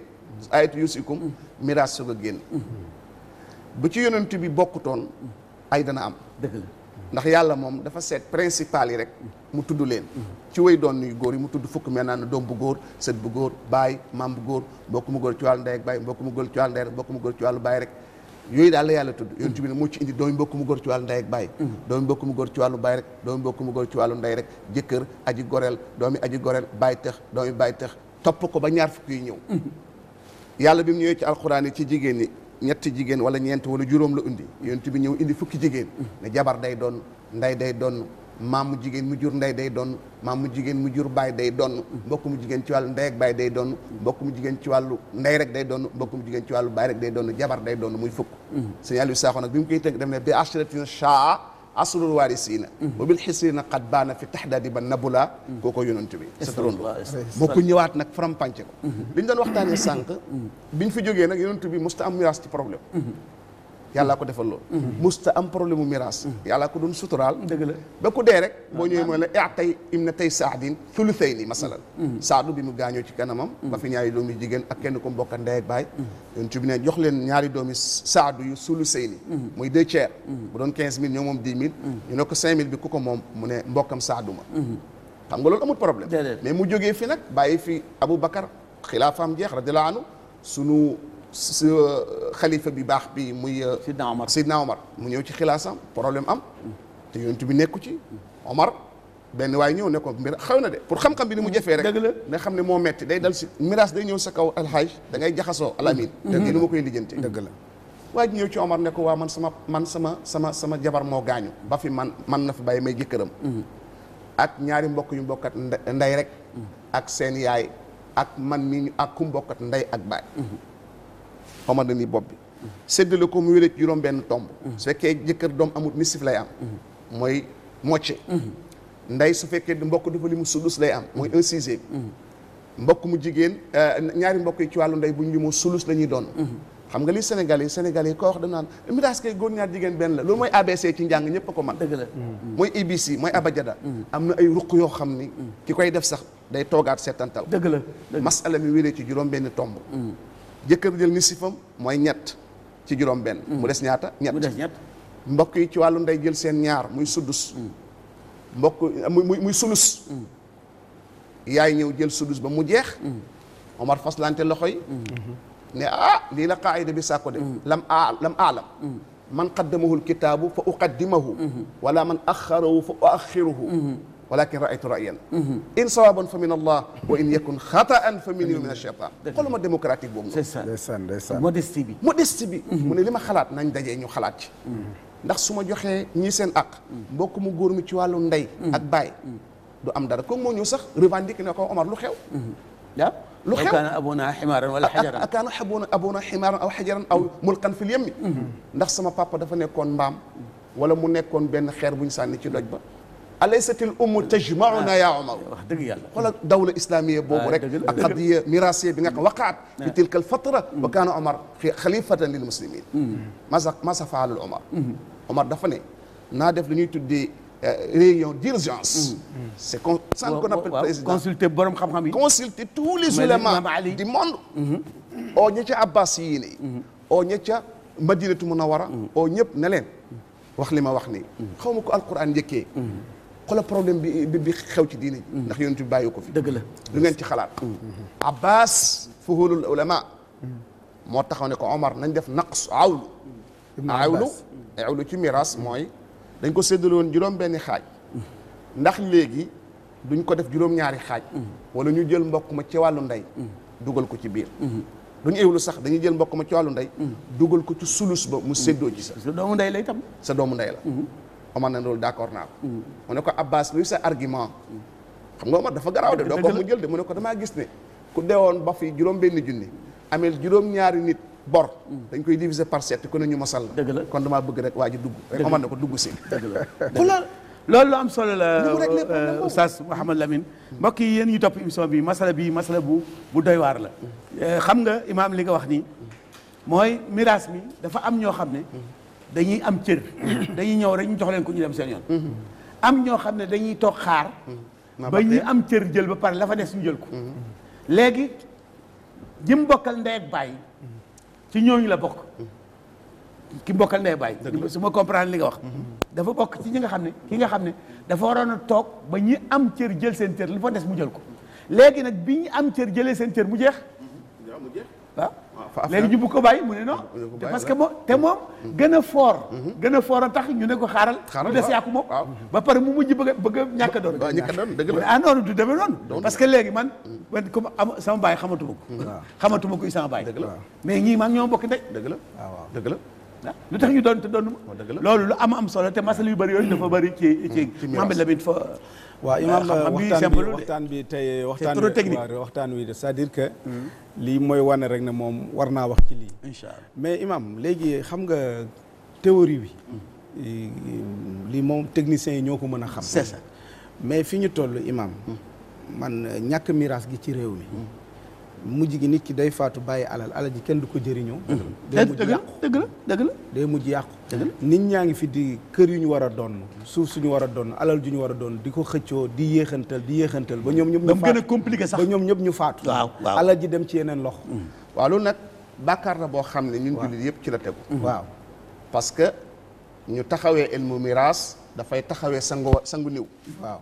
aayatu yuusikum miraas soog a génn mm-hmm. bu ci yonent bi bokkutoon ay dana am dëgg la ndax yàlla moom dafa seet principal yi rek mu tudd leen ci way doon nuyu góor yi mu tudd fukk mel naa ne doom bu góor sët bu góor baay maam bu góor mbokk mu góor ci wàllu ndey ak baay mbokk mu góor ci wàllu ndey rek góor ci wàllu baay rek yooyu daal la yàlla tudd yonent bi ne moo indi doomi mbokk mu góor ci wàllu ndey ak baay góor ci wàllu baay rek doomi mbokk ci wàllu ndey rek jëkkër aji goreel doomi aji goreel baay tëx doomi baay tëx topp ko ba ñaar fukk yi ñëw mm-hmm. yàlla bi mu ñëwee ci alxuraan yi ci jigéen ñi ñetti jigéen wala ñeent wala juróom la indi yonent bi ñëw indi fukki jigéen ne jabar day doon nday day doon maam mu jigéen mu jur ndey day doon maam mu jigéen mu jur baay day doon mbokk mu jigéen ci wàllu ndey ak baay day doon mbokk mu jigéen ci wàllu ndey rek day doon mbokk mu jigéen ci wàllu baay rek day doon jabar day doon muy fukk mm-hmm. sëñ Aliou Sakho nag bi mu koy tënk dem ne bi ashrati shaa aslul waarisiina wa bil xisriina qad baana fi taxdaadi ba nabula kooko yonent bi sa turando boo ko ñëwaat nag faram pànce ko mhm. li ñu doon waxtaanee sànq biñ fi jógee nag yonent bi musta am miraas ci problème mhm. yàllaa ko defal loolu mm-hmm. musta am problème mu miraas mm-hmm. yàllaa ko doon suturaal dëgg la ba ku dee rek boo ñëwee ah. mooy la atay im na tey saadin thulusay ni masalan mm-hmm. saadu bi mu gaañoo ci kanamam ba fi ñaari doomi jigéen ak kenn ko mbokka ndey ak baay yonent bi ne jox leen ñaari doomi saadu yu thulusay ni muy deux tiers bu doon quinze mille ñoo moom dix mille ñu ko cinq mille bi ku mbokkam saadu ma xam nga loolu amul problème mais mu jógee fi nag bàyyi fi Aboubacar xilaafaam jeex radiyallaahu anhu sunu Euh, xalifa bi baax bi muy. Euh, Sidna Omar Sidna Omar mu ñëw ci xilaasam problème am. te yonent bi nekku ci. Omar benn waaye ñëw ne ko mbir xaw na de pour xam-xam bi ni mu mm-hmm. jafee rek. dëgg nga xam ne moo metti day dal si. miraas day ñëw sa kaw alxaaj da ngay jaxasoo alamin mm-hmm. te lii nu mm-hmm. ma koy lijjanti. dëgg la waaye ñëw ci Omar ne ko waa man sama man sama sama sama jabar moo gaañu. ba fi man man na fi bàyyi may jëkkëram. ak ñaari mbokk yu mbokkat nday rek. ak seen yaay ak man mi ak ku mbokkat nday ak Omar ni bopp bi séddale ko mu wéle ci juróom benn tomb mm-hmm. su fekkee jëkkër doom amut nisif lay am mm-hmm. mooy moitié mm-hmm. ndey su fekkee mbokk dafa li mu sulus lay am mooy un sixième mbokk mu jigéen eh, ñaari mbokk yi ci wàllu ndey bu ñu limoo sulus la ñuy doon xam nga li Sénégalais yi Sénégalais yi ko wax da naan miraas kay góor ñaar jigéen benn la loolu mooy ABC ci njàng ñëpp ko man dëgg la mooy ABC mooy abajada am na ay ruq yoo xam ni ki koy def sax day toogaat seetantal dëgg la masala mi ci juróom benn tomb jëkkër jël nisifam mooy ñett ci juróom benn mm. mu des ñaata ñett mu des mbokk yi ci wàllu ndey jël seen ñaar muy suddus mm. mbokk euh, muy muy sulus mm. yaay ñëw jël sudus ba mu jeex Omar faslante loxo yi mm-hmm. ne ah lii la qaayida bi sàkko de lam a lam aalam man qaddamahu alkitaabu fa uqaddimahu mm-hmm. wala man axarahu fa uaxiruhu mm-hmm. walakin raaytu rayan in sawaban fa min allah wa in yakun xataan fa min min alcheytan xoolu ma démocratique boobu noonu modestie bi modestie bi mhm. mu ne li ma xalaat nañ dajee ñu xalaat ci mhm. ndax su ma joxee ñii seen aq mhm. mbokk mu góor mi ci wàllu ndey ak baay du am dara kooku moo sax revendiqué ne ko Omar lu xew waaw lu xew kaana abuna ximaaran wala xajaran kaana abuna abuna ximaaran aw xajaran aw mulqan fil yemmi ndax sama papa dafa nekkoon mbaam wala mu nekkoon benn xeer bu ñu sànni ci doj ba alaysatil ummu tajmauna ya omar wax dëgg yàlla xoolal dawla islamiya boobu rek ak qadiya miraasiya bi nga xam waqaat fi tilka al fatra wa kaana omar xalifatan lil muslimin masa masa faalul omar omar dafa ne naa def lu ñuy tuddee réunion d'urgence c'est con ça qu'on appelle président consulter borom xam-xam yi consulter tous les ulémas du monde mhm. oo ña ca abbas yii ne mhm. oo ña ca madinatu munawara mhm. oo ñëpp ne leen wax li ma wax nii xaw ma ko alquran njëkkee xoolal problème bi bi xew ci diine ji mm-hmm. ndax yonent bi bàyyi ko fi dëgg la lu ngeen ci xalaat mm-hmm. abbas fuhulul ulama mm-hmm. moo taxaw ne ko omar nañ def naqs awlu awlu awlu ci miraas mooy dañ ko séddale woon juróom benni xaaj ndax léegi duñ ko def juróom-ñaari xaaj wala ñu jël mbokk ma ci wàllu ndey dugal ko ci biir duñu éwlu sax dañu jël mbokk ma ci wàllu ndey dugal ko ci sulus ba mu seddoo ci sa doomu ndey la tam sa doomu ndey la Omar na loolu d'accord naa ko. Mm. mu ne ko Abbas luy sa argument. xam nga Omar dafa garaaw de doo ko mu jël de mu ne ko damaa gis ne ku deewoon ba fi juróom benn junni amel juróom ñaari nit. bor mm. dañ koy diviser par sept ku ne ñu masal la. dëgg kon damaa bëgg rek waa ji dugg. dëgg Omar na ko dugg si. dëgg la [LAUGHS] loolu lu am solo la euh, oustaz Mouhamed Lamine mbokk yi yéen ñu topp émission bi masala bi masala bu bu doy waar la mm. euh, xam nga imaam li nga wax nii mooy miraas mi dafa am ñoo xam ne dañuy am cër dañuy ñëw rek ñu jox leen ko ñu dem seen yoon am ñoo xam ne dañuy toog xaar ba ñuy am cër jël ba pare la fa des ñu jël ko léegi jim bokkal ndey ak ci ñooñu la bokk ki bokkal ndey baay su ma comprendre li nga wax dafa bokk ci ñi nga xam ne ki nga xam ne dafa waroon toog ba ñi am cër jël seen li fa des mu jël ko léegi nag bi ñu am cër jëlee seen cër jeex mu jeex fa léegi ñu bu ko bàyyi mu ne non parce que moom te moom mm-hmm. gën a fort mm-hmm. gën a fort a tax ñu ne ko xaaral lu des yàqu moom ba pare mu mujj bëgg a bëgg a ñàkk a doon dëgg la ah du demee noonu parce que léegi man mm. man comme am sama baay xamatuma ko mm. xamatuma kuy sama baay mais ñii man ñoo bokk ndey dëgg la ah, la ah, lu tax ñu doon te doon oh, loolu lu am am solo te masal yu bëri yooyu dafa bëri ci ci mm. Mouhamed Lamine fa waaw imaam ah, waxtaan bi waxtaan bi tey waxtaan bi waxtaan wi c'est-à-dire que lii mooy wane rek ne moom war naa wax ci lii. incha mais imam léegi xam nga théorie bi. Hmm. lii moom techniciens yi ñoo ko mën a xam. c'est mais fi ñu toll imam hmm. man ñàkk miraas gi ci réew mi. Hmm. mujj gi nit ki day faatu bàyyi alal alal ji kenn du ko jëriñoo. day mujj yàqu dëgg la dëgg la day mujj yàqu. nit ñaa ngi fi di kër yu ñu war a doon suuf suñu war a donn alal ju ñu war a doon di ko xëccoo di yéexantal di yéexantal ba ñoom ñëpp. ñu faatu compliqué sax ñoom ñëpp ñu faatu. waaw waaw alal ji dem ci yeneen lox mm. waaw loolu nag bàkkaar la boo xam ne. ñun jullit yëpp ci la tegu. Mm-hmm. waaw parce que ñu taxawee ilmu miraas dafay taxawee sangu sangu niw waaw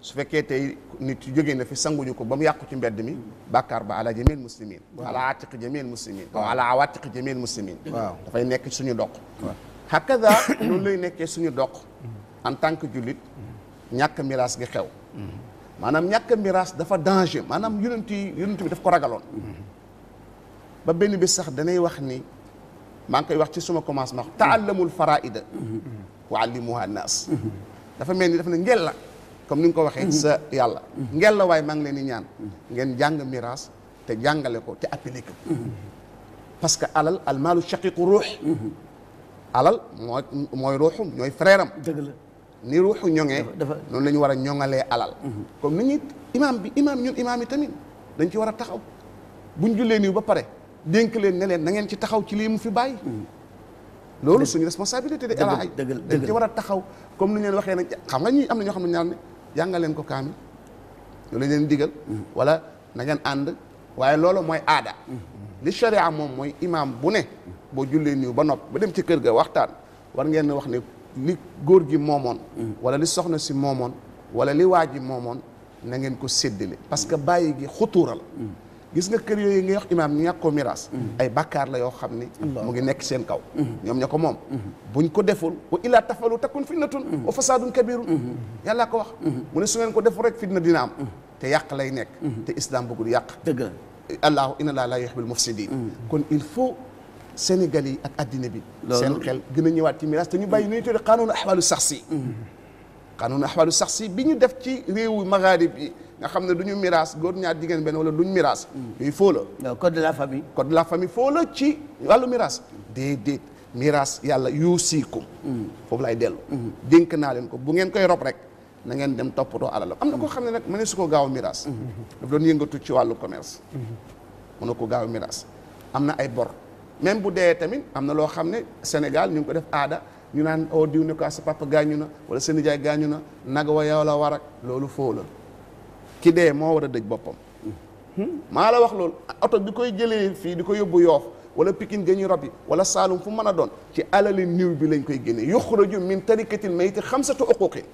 su fekkee tey nit jógee na fi sanguñu ko ba mu yàqu ci mbedd mi bàkkaar ba ala jamil muslimin wa ala atiq jamil muslimin wa ala awatiq jamil muslimin waaw dafay nekk suñu doq hakada loolu [COUGHS] lay nekkee suñu doq mm-hmm. en tant que jullit mm-hmm. ñàkk miraas gi xew mm-hmm. maanaam ñàkk miraas dafa danger maanaam yonent yi yonent bi ko ragaloon ba benn bi sax danay wax ni maa ngi koy wax ci suma commencement taallamul faraida wa allimuha naas dafa mel ni dafa ne ngel comme ni nga ko waxee mhm. sa yàlla mhm. ngel la maa ngi leen di ñaan ngeen jàng miraas te jàngale ko te appliqué ko mhm. parce que alal almaalu shaqiqu ruux alal mooy mooy ruuxum ñooy frère am dëgg la ni ruuxu ñoŋee noonu lañu war a ñoŋalee alal comme ni ñuy imaam bi imaam ñun imaam yi tamit dañ ci war a taxaw buñ jullee nii ba pare dénk leen ne leen na ngeen ci taxaw ci lii mu fi bàyyi loolu suñu responsabilité de El Hadj dañ ci war a taxaw comme ni ñu leen waxee nag xam nga ñi am na ñoo ne ñaan jàngaleen ko kaamil loolu leen digal wala nangeen ànd waaye loolu mooy aada li sharia moom mooy imaam bu ne boo jullee niw ba nopp ba dem ci kër ga waxtaan war ngeen wax ne li góor gi moomoon wala li soxna si moomoon wala li waa ji moomoon na ngeen ko séddale parce que bàyyi gi xutuural gis nga kër yooyu ngay wax imaam ñu ñàkk ko miraas ay bakkaar la yoo xam ni mu ngi nekk seen kaw ñoom ña ko moom ñu ko deful wa illaa tafalu takun fitnatun wa fasaadun kabirun yàllaa ko wax mu ne su ngeen ko deful rek fitna dina am te yàq lay nekk te islam bëggul yàq dëgg allahu inna laa laa yuhibbul mufsidin mm. kon il faut Sénégal yi ak addina bi seen xel gën a ñëwaat ci miraas te ñu bàyyi nu ñu tuddee xanuunu ahwalu saxsi mm. xanuunu ahwalu saxsi bi ñu def ci réewu magharib yi nga xam ne du ñu miraas góor ñaar jigéen benn wala duñ miraas yooyu foo la code de la famille code la famille foo la ci wàllu miraas déedéet miraas yàlla yuusikum foofu lay dellu dénk naa leen ko bu ngeen koy rob rek na ngeen dem toppatoo alalam am na koo xam ne nag mënees su ko gaaw miraas daf doon yëngatu ci wàllu commerce mën na ko gaaw miraas am na ay bor même bu dee tamit am na loo xam ne Sénégal ñu ngi ko def aada ñu naan oo oh, diw ne ko ah, sa papa gaañu na wala seen nijaay gaañu na nag wa yow war ak loolu foo la ki dee moo war a dëj boppam maa la wax loolu oto bi koy jëlee fii di ko yóbbu yoof wala Pikine ga ñuy rob yi wala Saalum fu mën a doon ci alali niw bi lañ koy génne yuxraju min tarikatil mayti xamsatu uquqin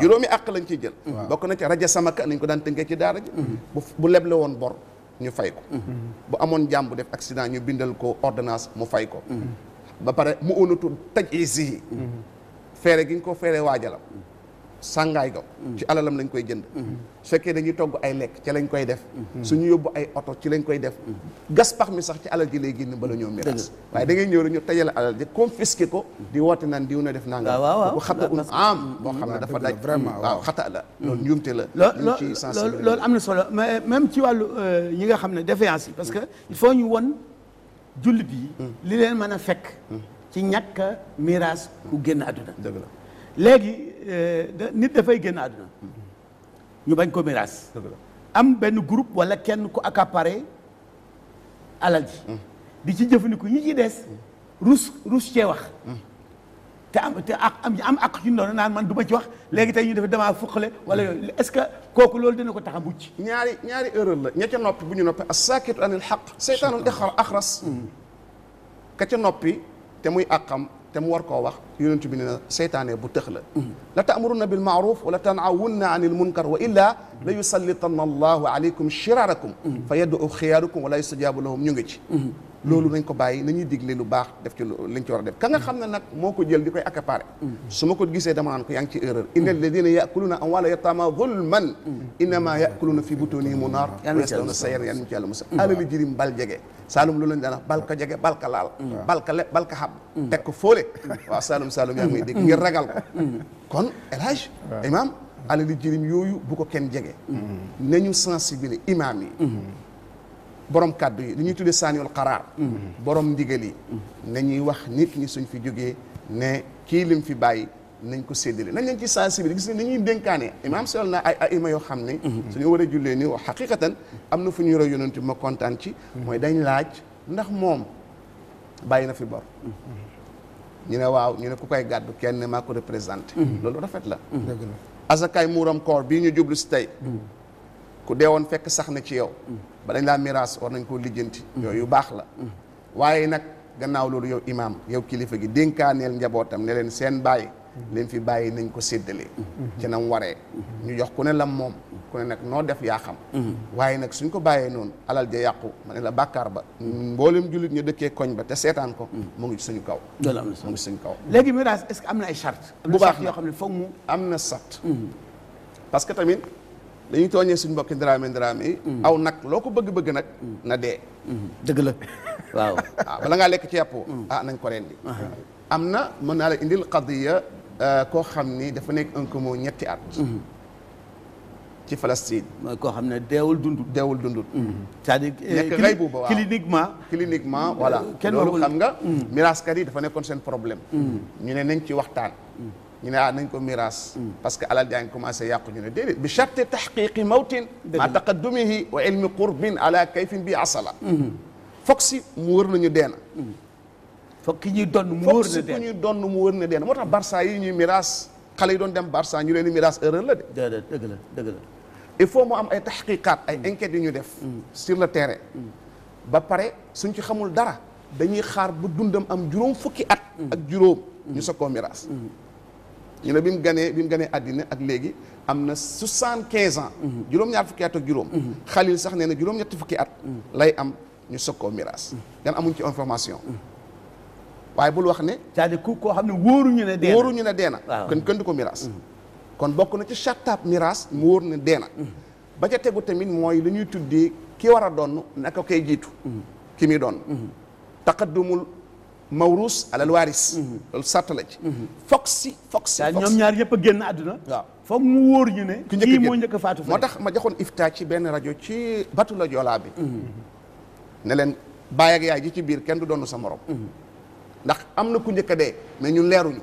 juróomi àq lañ ciy jël bokk na ci raja samaka nañ ko daan tënkee ci daara ji bu bu leble woon bor ñu fay ko mm-hmm. bu amoon jàmm bu def accident ñu bindal ko ordonnance mu fay ko mm-hmm. ba pare mu unatul taj isi mm-hmm. feere gi ñu ko feere waajalam sàngaay ga ci alalam lañ koy jënd su fekkee dañuy togg ay lekk ci lañ koy def su ñu yóbbu ay oto ci lañ koy def gas pax mi sax ci alal ji lay génn bala ñoo miraas waaye dangay ñëw rek ñu tajale alal ji confisqué ko di woote naan diw na def nanga bu xata un am boo mm, xam ne dafa daj vraiment mm, waaw xata la mm. loolu njuumte la loolu ci sensibiliser loolu am na solo mais même ci wàllu ñi euh, nga xam ne défaillance yi parce que il faut ñu won jullit yi li leen mën a fekk ci ñàkk a miraas ku génn àdduna léegi Euh, nit dafay génn àdduna ñu bañ ko miraas am benn groupe wala kenn ku accaparé alal ji mm. di ci jëfandiku ñi ci des rus rus cee wax mm. te am te ak am am ak ci noonu naan man duma ci wax léegi tey ñu def damaa fuqale wala yooyu mm. est-ce que kooku loolu dana ko tax a mucc ñaari ñaari la ña noppi bu ñu noppi as-saakitu anil xaq seytaanul ixra axras ka ca noppi te muy àqam te mu war koo wax yonent bi ne na seytaane bu tëx la la taamurunna bil maaruf wala tanawunna anil munkar wa illa la yusallitanna allahu aleykum shirarakum fa yadu xiyaarukum wala yustajaabu lahum ñu ngi ci loolu nañ ko bàyyi nañuy digle lu baax def ci lañ ci war a def ka nga xam ne nag moo ko jël di koy accaparé su ma ko gisee dama naan ko yaa ngi ci erreur inna alladina yakuluna amwala yatama zulman innama yakuluna fi butunihim nar yaslawna sayar yan mu ci yàlla musa mm. alali jirim bal jege saalum loolu lañ daan wax bal ko jege bal ka laal mm. bal ka leb bal ka xam teg ko fóole mm. waaw saalum saalum yaa ngi may dégg ngir ragal ko kon El Hadj imam alali jirim yooyu bu ko kenn jege nañu sensibiliser imam yi borom kàddu yi li ñuy tuddee saaniul xaraar mm-hmm. borom ndigal yi mm-hmm. nañuy wax nit ñi suñ fi jógee ne kii lim fi bàyyi nañ ko séddale nañ leen ci sensibiliser gis nga ni ñuy dénkaane imaam sol na ay ay ima yoo xam ne mm-hmm. suñu war a jullee ni wax xaqiqatan am na fu ñuy roy yonent ma kontaan ci mooy dañ laaj ndax moom bàyyi na fi bor ñu ne waaw ñu ne ku koy gàddu kenn maa ko représenté loolu rafet la azakaay muuram koor bii ñu jublu si tey ku deewoon fekk sax na ci yow ba dañ laa miraas war nañ koo lijjanti yooyu yu baax la waaye nag gannaaw loolu yow imaam yow kilifa gi dénkaaneel njabootam ne leen seen bàyyi leen fi bàyyi nañ ko séddale ci nam waree ñu jox ku ne lam moom ku ne nag noo def yaa xam waaye nag suñ ko bàyyee noonu alal ja yàqu ma ne la bàkkaar ba mboolem jullit ñu dëkkee koñ ba te seetaan ko mu ngi suñ kaw mu ngi suñ kaw léegi miraas est-ce que am na ay charte bu baax yoo xam ne foog mu na sart dañuy tooñee suñ mbokki Dramé Dramé yi mm. aw nag loo ko bëgg-bëgg nag mm. na dee mm. dëgg la [LAUGHS] waaw ah, bala ngaa lekk ci yàpp ah nañ ko rendi uh-huh. am na mën naa la indil qadiya euh, koo xam ni dafa nekk un commun ñetti at mm-hmm. ci Palestine. mooy koo xam ne deewul dundut. deewul dundut. Mm-hmm. c'est-à-dire. nekk euh, rey bu ba kenn loolu xam nga. miraaskat yi dafa nekkoon seen problème. ñu ne nañ ci waxtaan. ñu ne ah nañ ko miraas mm. parce que alal jaa ngi commencé yàqu ñu ne déedéet bi charte tahqiqi mawtin ma taqaddumihi wa ilmi qurbin ala kayfin bi asala mm-hmm. foog si mu wër nañu deena mm-hmm. foog ki ñuy donn mu wër na deena mu wër na deena moo tax Barça yi ñuy miraas xale yi doon dem Barça ñu leen di miraas erreur la de dëgg la dëgg il faut mu am ay taxqiqaat ay mm. enquêtes yu ñu def mm. sur le terrain ba pare suñ ci xamul dara dañuy xaar bu dundam am juróom fukki at ak juróom ñu sa koo miraas ñu ne bi mu ganee bi mu ganee àddina ak léegi am na soixante-quinze ans mhm. juróom-ñaar fukki at juróom mhm. xalil sax nee na juróom-ñetti fukki at mhm. lay am ñu soog koo miraas dan amuñ ci information waaye bul wax ne c'est-à-dire ku koo xam ne wóoruñu ne deena wóoruñu ne deena kon kenn du ko miraas kon bokk na ci chartab miraas mu wóor ne deena ba ca tegu tamit mooy lu ñuy tuddee ki war a doon naka koy jiitu ki muy doon taqaddumul mawruus alal waaris mhm. loolu sart la ci foog si foog si ñoom ñaar yëpp a génn àdduna waaw foog mu ñu ne kii moo njëkk a moo tax ma joxoon ifta ci benn rajo ci batu la joolaa bi mhm. ne leen baay ak yaay ji ci biir kenn du doonu sa morom mhm. ndax am na ku njëkk a dee mais ñun leeruñu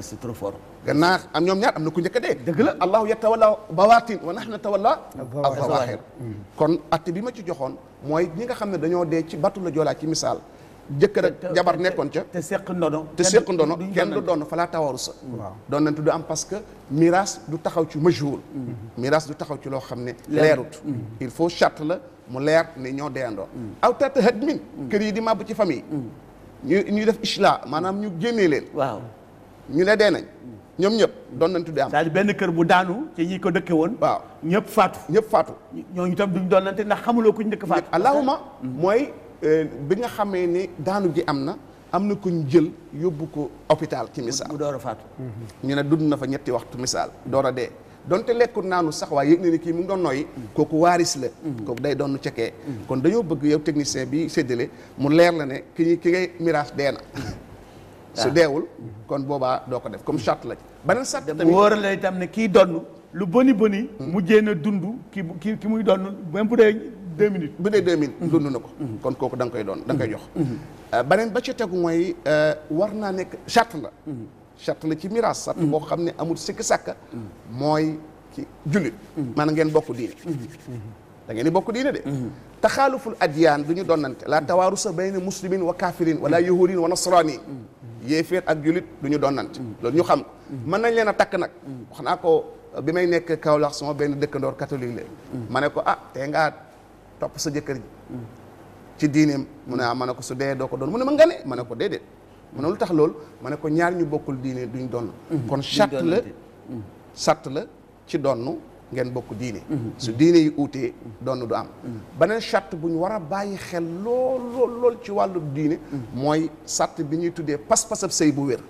c'est trop fort gannaaw am ñoom ñaar am na ku njëkk a dee dëgg la allahu yatawalla bawatin wa nahnu natawalla azawahir kon atte bi ma ci joxoon mooy ñi nga xam ne dañoo dee ci batu la joolaa ci misaal jëkkër a jabar nekkoon ca te seq ndono te seq ndono kenn du doon falaa tawaru sa doon nañ du am parce que miraas du taxaw ci majhul miraas du taxaw ci loo xam ne leerut mm. il faut charte la mu leer ne ñoo deyandoo mm. aw tata hat min kër yi di maa màbb ci famille mm. ñu ñu def isla maanaam ñu génnee leen waaw ñu ne dee nañ ñoom ñëpp doon nañ tuddee am. cest benn kër bu daanu ci ñi ko dëkke woon. waaw ñëpp faatu. ñëpp faatu. ñooñu tam duñ doonante ndax xamuloo kuñ dëkk faatu. allahuma mooy Euh, bi nga xamee ni daanu gi am na am na ku ñu jël yóbbu ko hôpital ci misaal. mu door mm-hmm. ñu ne dund na fa ñetti waxtu misaal door a dee. donte lekkul naanu sax waaye yëg na ni kii mu ngi doon nooy mm-hmm. kooku waaris la. Mm-hmm. kooku day doon cekkee. kon dañoo bëgg yow technicien bi séddale mu leer la ne ki ki ngay miraas dee na. su ah. deewul kon boobaa doo ko def comme charte la. beneen charte tamit mu wóor la itam ne kii donn lu boni boni. mujjee na dund ki ki ki muy donn même bu dee. deux minutes bu dee deux minutes dund na ko kon kooku da koy doon da nga koy jox euh, beneen ba ci tegu mooy euh, war naa nekk charte la charte la ci miraas charte boo xam ne amul sikki sàkka mooy ci jullit maanaam ngeen bokk diine da ngeen di bokk diine de taxaaluful adiyaan du ñu donnante la tawaarusa bayna muslimin wa kafirin wala yahudin wa nasrani yéeféer ak jullit du ñu donnante loolu ñu xam ko mën nañ leen a takk nag wax naa ko bi may nekk Kaolack sama benn dëkkandoor catholique la ma ne ko ah ngaa topp sa jëkkër ji ci diineem mun a ah ma ne ko su dee doo ko doon mun ne ma nga ne ma ne ko déedéet mu ne lu tax lool ma ne ko ñaar ñu bokkul diinee duñ donn mm-hmm. kon sart la sart mm-hmm. la ci donn ngeen bokk diine mm-hmm. su diine yi uutee donn du am beneen sart bu ñu war a bàyyi xel lool lool ci wàllu diine mooy sart bi ñuy tuddee pas-pasab sëy bu wér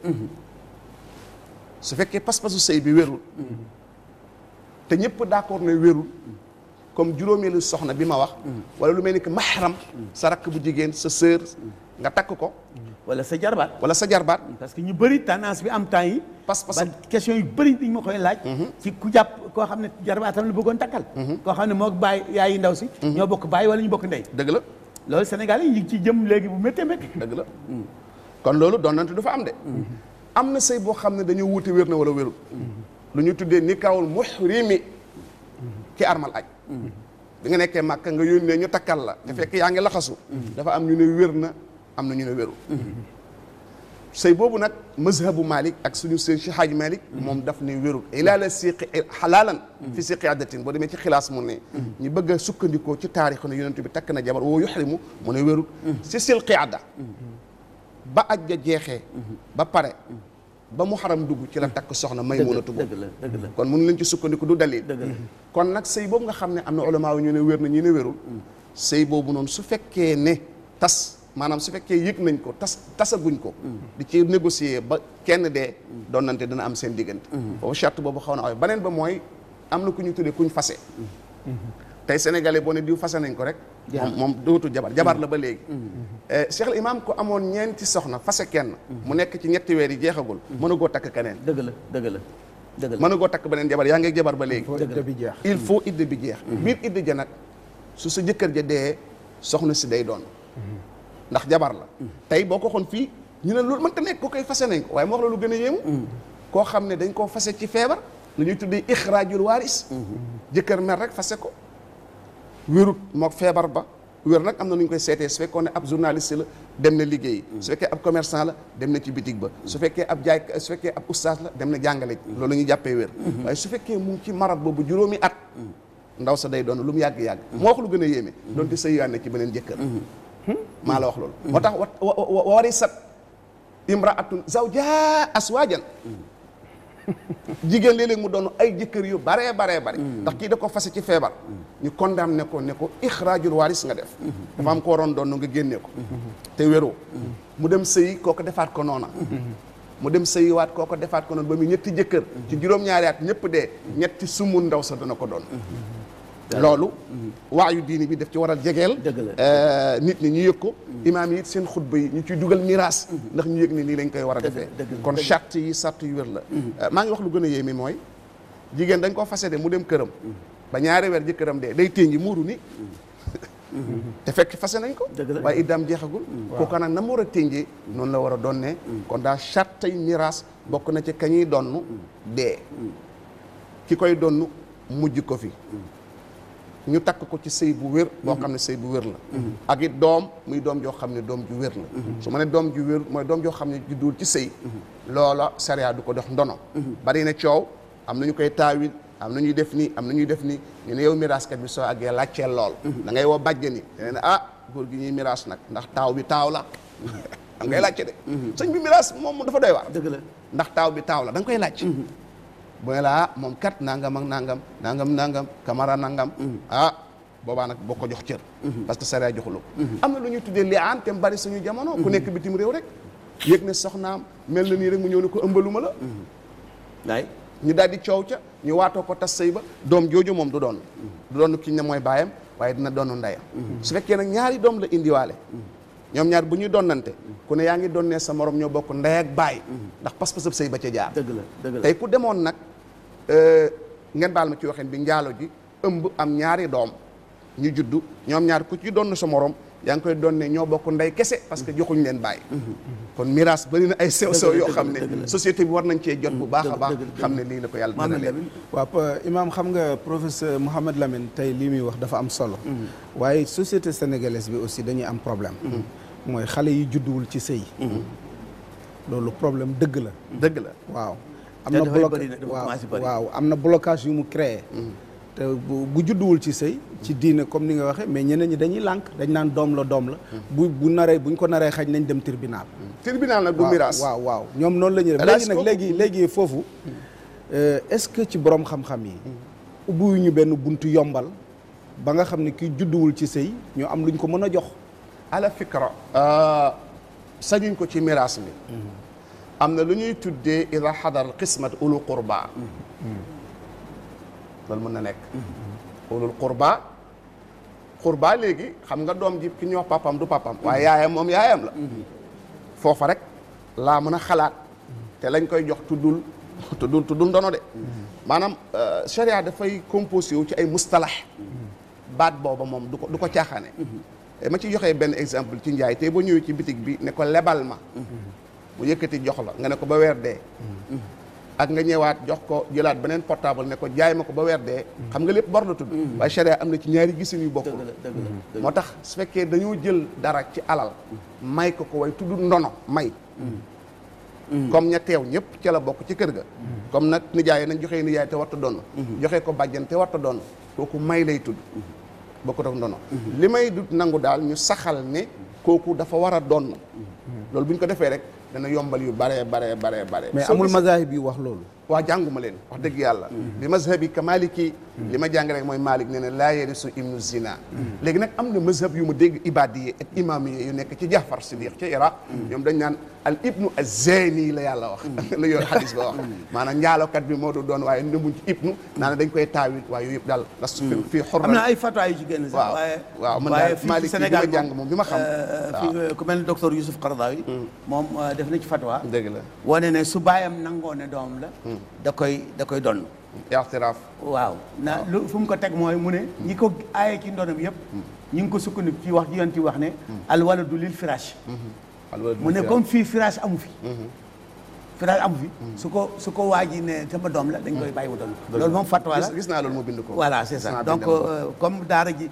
su fekkee pas-pasu sëy bi wérul te ñëpp d'accord ne wérul comme juróomeelu soxna bi ma wax wala lu mel ni que mahram sa rakk bu jigéen sa sœur nga takk ko wala sa jarbaat wala sa jarbaat parce que ñu bëri tendance bi am temps yi parce que question yu bëri dañ ma koy laaj mhm. ci ku jàpp koo xam ne jarbaatam la bëggoon takkal mhm. koo xam ne moo baay yaayi ndaw si mhm. ñoo bokk baay wala ñu bokk ndey dëgg la loolu Sénégal yi ñu ngi ci jëm léegi bu méttee métti dëgg la kon loolu doonante du fa am de am na sëy boo xam ne dañoo wuute wér na wala wérul lu ñu tuddee nikawul muhrimi ki armal aj bi nga nekkee màkka nga yónnee ñu takkal la te fekk yaa ngi laxasu dafa am ñu ne wér na am na ñu ne wéru sëy boobu nag mazhabu Malik ak suñu sëñ si Xaaj Malik moom daf ne wérul ilaa la siqi xalaalan fi siqi addatin boo demee ci xilaas mu ne ñu bëgg sukkandikoo ci taarix ne yonent bi takk na jabar woo yuxrimu mu ne wérul si silqi adda ba aj ja jeexee ba pare ba mu xaram dugg ci la mm-hmm. takk soxna may munatu boobu kon mënu lañ ci sukkandiku du dalil mm-hmm. kon nag sëy boobu nga xam ne am na ulama yu ñu ne wér na ñu ne wérul mm-hmm. sëy boobu noonu su fekkee ne tas maanaam su fekkee yëg nañ ko tas tasaguñ ko di ci négocier ba kenn dee doon nante dina am seen diggante boobu charte boobu xaw na aw beneen ba mooy am na ku ñu tuddee kuñ fase tey sénégalais boo ne diw fase nañ ko rek moom moom jabar jabar la ba mm-hmm. léegi mm-hmm. Eh, Cheikh al Imam ko amoon ñeenti soxna fase kenn mm-hmm. mu nekk ci ñetti yi jeexagul mënu goo takk keneen dëgg la dëgg la dëgg la mënu goo takk beneen jabar yaa ngi jabar ba léegi il faut idde bi jeex biir idde ja nag su sa jëkkër ja dee soxna si day doon ndax jabar la tey boo ko xoon fii ñu ne loolu mënta nekk ko koy fase nañ ko waaye mu wax la lu gën a yéemu koo xam ne dañ koo fase ci feebar lu ñuy tuddee ixraajul waaris jëkkër mer rek fase ko wérut moo feebar ba wér nag am na lu ñu koy seetee su fekkoon ne ab journaliste la dem na liggéey su fekkee ab commerçant la dem na ci bitig ba su fekkee ab jaay su fekkee ab ustaas la dem na jàngale loolu la jàppee wér waaye su fekkee mu ci marat boobu juróomi at ndaw sa day doon lu mu yàgg-yàgg moo wax lu gën a yéeme donte sëy yaan na ci beneen jëkkër maa la wax loolu moo tax wa warisat imraatun zawja aswaajan jigéen léeg mu doon ay jëkkër yu baree baree bare mm. ndax kii da ko fase ci feebar mm. ñu condamné ko ne ko ixraajul waaris nga def mm-hmm. dafa am ko waroon doon nu nga génne ko mm-hmm. te wéroo mm-hmm. mu dem sëyi kooku defaat ko noona mu dem sëyiwaat kooko defaat ko noonu ba muy ñetti jëkkër ci juróom-ñaari at ñëpp dee ñetti sumun ndaw sa dana ko doon loolu mhm. waayu diini bi daf ci waral jegeel eh, nit ñi ñu yëg ko mhm. imaam yi seen xutba yi ñu ciy dugal miraas mhm. ndax ñu yëg ne nii lañ koy war a defee kon charte yi charte yu wér la eh, maa ngi wax lu gën a yéeme mooy jigéen dañ koo fase de mu dem këram ba ñaari weer jëkkëram de day téen yi muuru ni [LAUGHS] te fekk fase nañ ko waaye iddaam jeexagul kooku nag na mu war a téngee noonu la war a donnee kon daa chartay miraas bokk na ci kañuy donn dee ki koy donn mujj ko fi ñu takk ko ci sëy bu wér boo mhm. xam ne sëy bu wér la mhm. ak it doom muy doom joo xam ne doom ju wér la mhm. su ma ne doom ju wér mooy doom joo xam ne juddul ci sëy loola sariya du ko dox ndono bari na coow am na ñu koy taawil am na ñuy def nii am na ñuy def nii ñu ne yow miraaskat bi soo àggee laajteel lool da ngay woo bàjjen yi ne ah góor gi ñuy miraas nag ndax taaw bi taaw la [LAUGHS] da ngay laajte de sañ bi miraas moom dafa doy wax dëgg ndax taaw bi taaw la da koy laaj bu ne la ah moom kat nangam ak nangam nangam nangam kamara nangam. Mhm. ah boobaa nag boo ko jox cër. Mhm. parce que sariya joxu la ko. Mhm. am na lu ñuy tuddee liaan te bari suñu jamono. ku nekk bitim réew rek. yëg ne soxnaam mel na nii rek mu ñëw ne ko ëmbaluma la. daay ñu daal di coow ca ñu waatoo ko tas sëy ba doom jooju moom du doon. du doon ki ne mooy baayam waaye dina doonu ndeyam. su fekkee nag ñaari doom la indiwaale. ñoom ñaar bu ñuy donnante ku ne yaa ngi donnee sa morom ñoo bokk ndey ak baay. ndax pas-pasab sëy ba ca jaar. dëgg la dëgg la tey demoon nag. Euh, ngeen daal ma ci waxin bi njaalo ji ëmb am ñaari doom ñu juddu ñoom ñaar ku ci na sa morom yaa ngi koy doon ne ñoo bokk ndey kese parce que joxuñ leen bàyyi kon miraas bëri na ay sew sew yoo xam ne société bi war nañ cee jot bu baax a baax xam ne lii la ko yàlla dina leen waaw imaam xam nga professeur Mouhamed Lamine tey lii muy wax dafa am solo mm-hmm. waaye société sénégalaise bi aussi dañuy am problème mm-hmm. mooy xale yi judduwul ci sëy mm-hmm. loolu problème dëgg la dëgg la waaw am na bloc waaw am na blocage yu mu créé mm-hmm. te bu judduwul ci sëy ci diine comme ni nga waxee mais ñeneen ñi dañuy lànk dañ naan doom la doom la mm-hmm. bu bu naree buñ ko naree xaj nañ dem tribunal mm-hmm. tribunal nag du miraas waaw waaw ñoom noonu la ñuy def léegi nag léegi léegi foofu euh, est-ce que ci borom xam-xam yi ubbiwu ñu benn buntu yombal ba nga xam ne kii judduwul ci sëy ñu am luñ ko mën a jox ala fikra euh, ko ci miraas bi am na lu ñuy tuddee ida xadar al qismat ulul qurba loolu mën na nekk ulul qurba qurba léegi xam nga doom ji ki ñuy wax papam du papam waaye yaayam moom yaayam la foofa rek laa mën a xalaat te lañ koy jox tuddul tuddul tuddul ndono de maanaam euh, sharia dafay composé wu ci ay mustalax baat booba moom du ko du ko caaxaane ma ci joxee benn exemple ci njaay te boo ñëwee ci bitig bi ne ko lebal ma mu yëkkati jox la nga ne ko ba weer dee ak nga ñëwaat jox ko jëlaat beneen portable ne ko jaay ma ko ba weer dee xam nga lépp bor la tudd mm-hmm. waaye sharia am na ci ñaari gisin yu bokkul mm-hmm. moo tax su fekkee dañoo jël dara ci alal mm-hmm. may ko ko way tudd ndono may comme ña ñëpp ca la bokk ci kër ga comme nag nijaay nañ joxe nijaay te warta doon joxe ko bàjjan te warta doon kooku may lay tudd ko ak ndono li may du nangu daal ñu saxal ne kooku dafa war a doon loolu bu ñu ko defee rek dana yombal yu baree baree baree baree mais amul mazahib yu wax loolu waa jànguma leen wax dëgg yàlla li mazhabi ka maliki li ma jàng rek na laa na ma dégg ibadiye ak imamiye yu nekk ci jafar sidiq ca iraq ñoom dañ naan al la yàlla wax [LAUGHS] la yor bi moo du doon waaye ndëmuñ ci ibnu hmm. ma jàng moom bi ma xam euh, euh, ku mel ni docteur Youssouf hmm. euh, def na ci fatwa dëgg la wane ne su baayam nangoo ne doom la hmm. da koy da koy donn i'tiraaf waaw na lu fu ko teg mooy mu ne ñi ko aaye ci ndonam yëpp hmm. ñi ngi ko sukkandiku ci wax ji yonti wax ne hmm. alwaladu lil firaash mu ne comme fii firaash amu fi daal amu fi su ko su ko ne sama doom la dañ koy bàyyi mu doon loolu moom fatwa la gis naa loolu mu bind ko voilà c'est ça donc euh, comme daara ji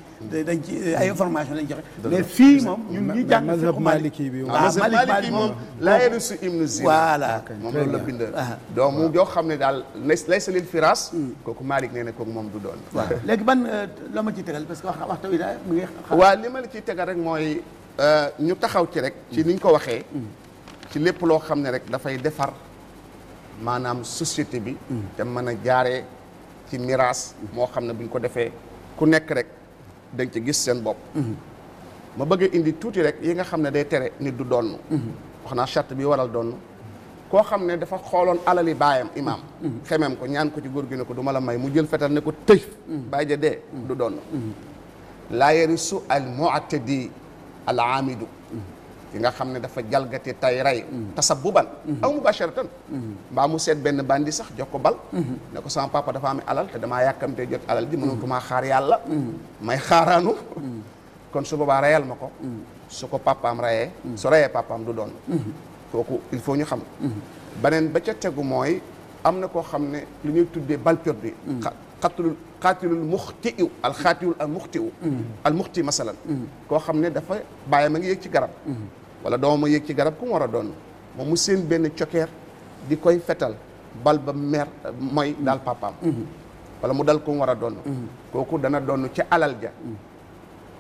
dañ ci ay information fii moom ñu ñi jàng mazhab maliki bi waaw ah, mazhab maliki moom laa yarusu ibnu zina moom loolu la bind ah, ah. donc mu joo xam ne daal laysa lil firas kooku Malik nee ne kooku moom du doon waaw [LAUGHS] léegi ban euh, loo ma ciy tegal parce que wax waxtu wi daal mu ngi waaw li ma la ciy tegal rek mooy euh, ñu taxaw ci rek ci niñ ko waxee mm. ci lépp loo xam ne rek dafay defar maanaam société bi te mën a jaare ci miraas moo xam ne buñ ko defee ku nekk rek dañ ci gis seen bopp ma bëgg indi tuuti rek yi nga xam ne day tere nit du donn wax naa charte bi waral donn koo xam ne dafa xooloon alali baayam imaam xemem ko ñaan ko ci góor gi ko du ma la may mu jël fetal ne ko tëj bàyyi ja dee du donn laa yarisu al di al aamidu ki nga xam ne dafa jalgati tay rey mm-hmm. tasabuban mm-hmm. aw mubasharatan mm-hmm. mbaa mu seet benn bandi sax jox ko bal ne ko sama papa dafa am alal te damaa yàkkamtee jot alal ji mënatumaa xaar yàlla may xaaraanu kon su boobaa reyal ma ko su ko papaam reyee su reyee papaam du doon kooku il faut ñu xam beneen ba ca tegu mooy am na koo xam ne lu ñuy tuddee bal perdue xattulul xaatilul muxti iw alxaatilul al muxti iw mm-hmm. al muxti masalan mm-hmm. koo xam ne dafa bàyyi ma ngi yéeg ci garab mm-hmm. wala doomam ma yéeg ci garab ku mu war a doon moom mu seen benn cokeer di koy fetal bal ba mer mooy daal papaam wala mu dal ku mu war a doon kooku dana donn ca alal ja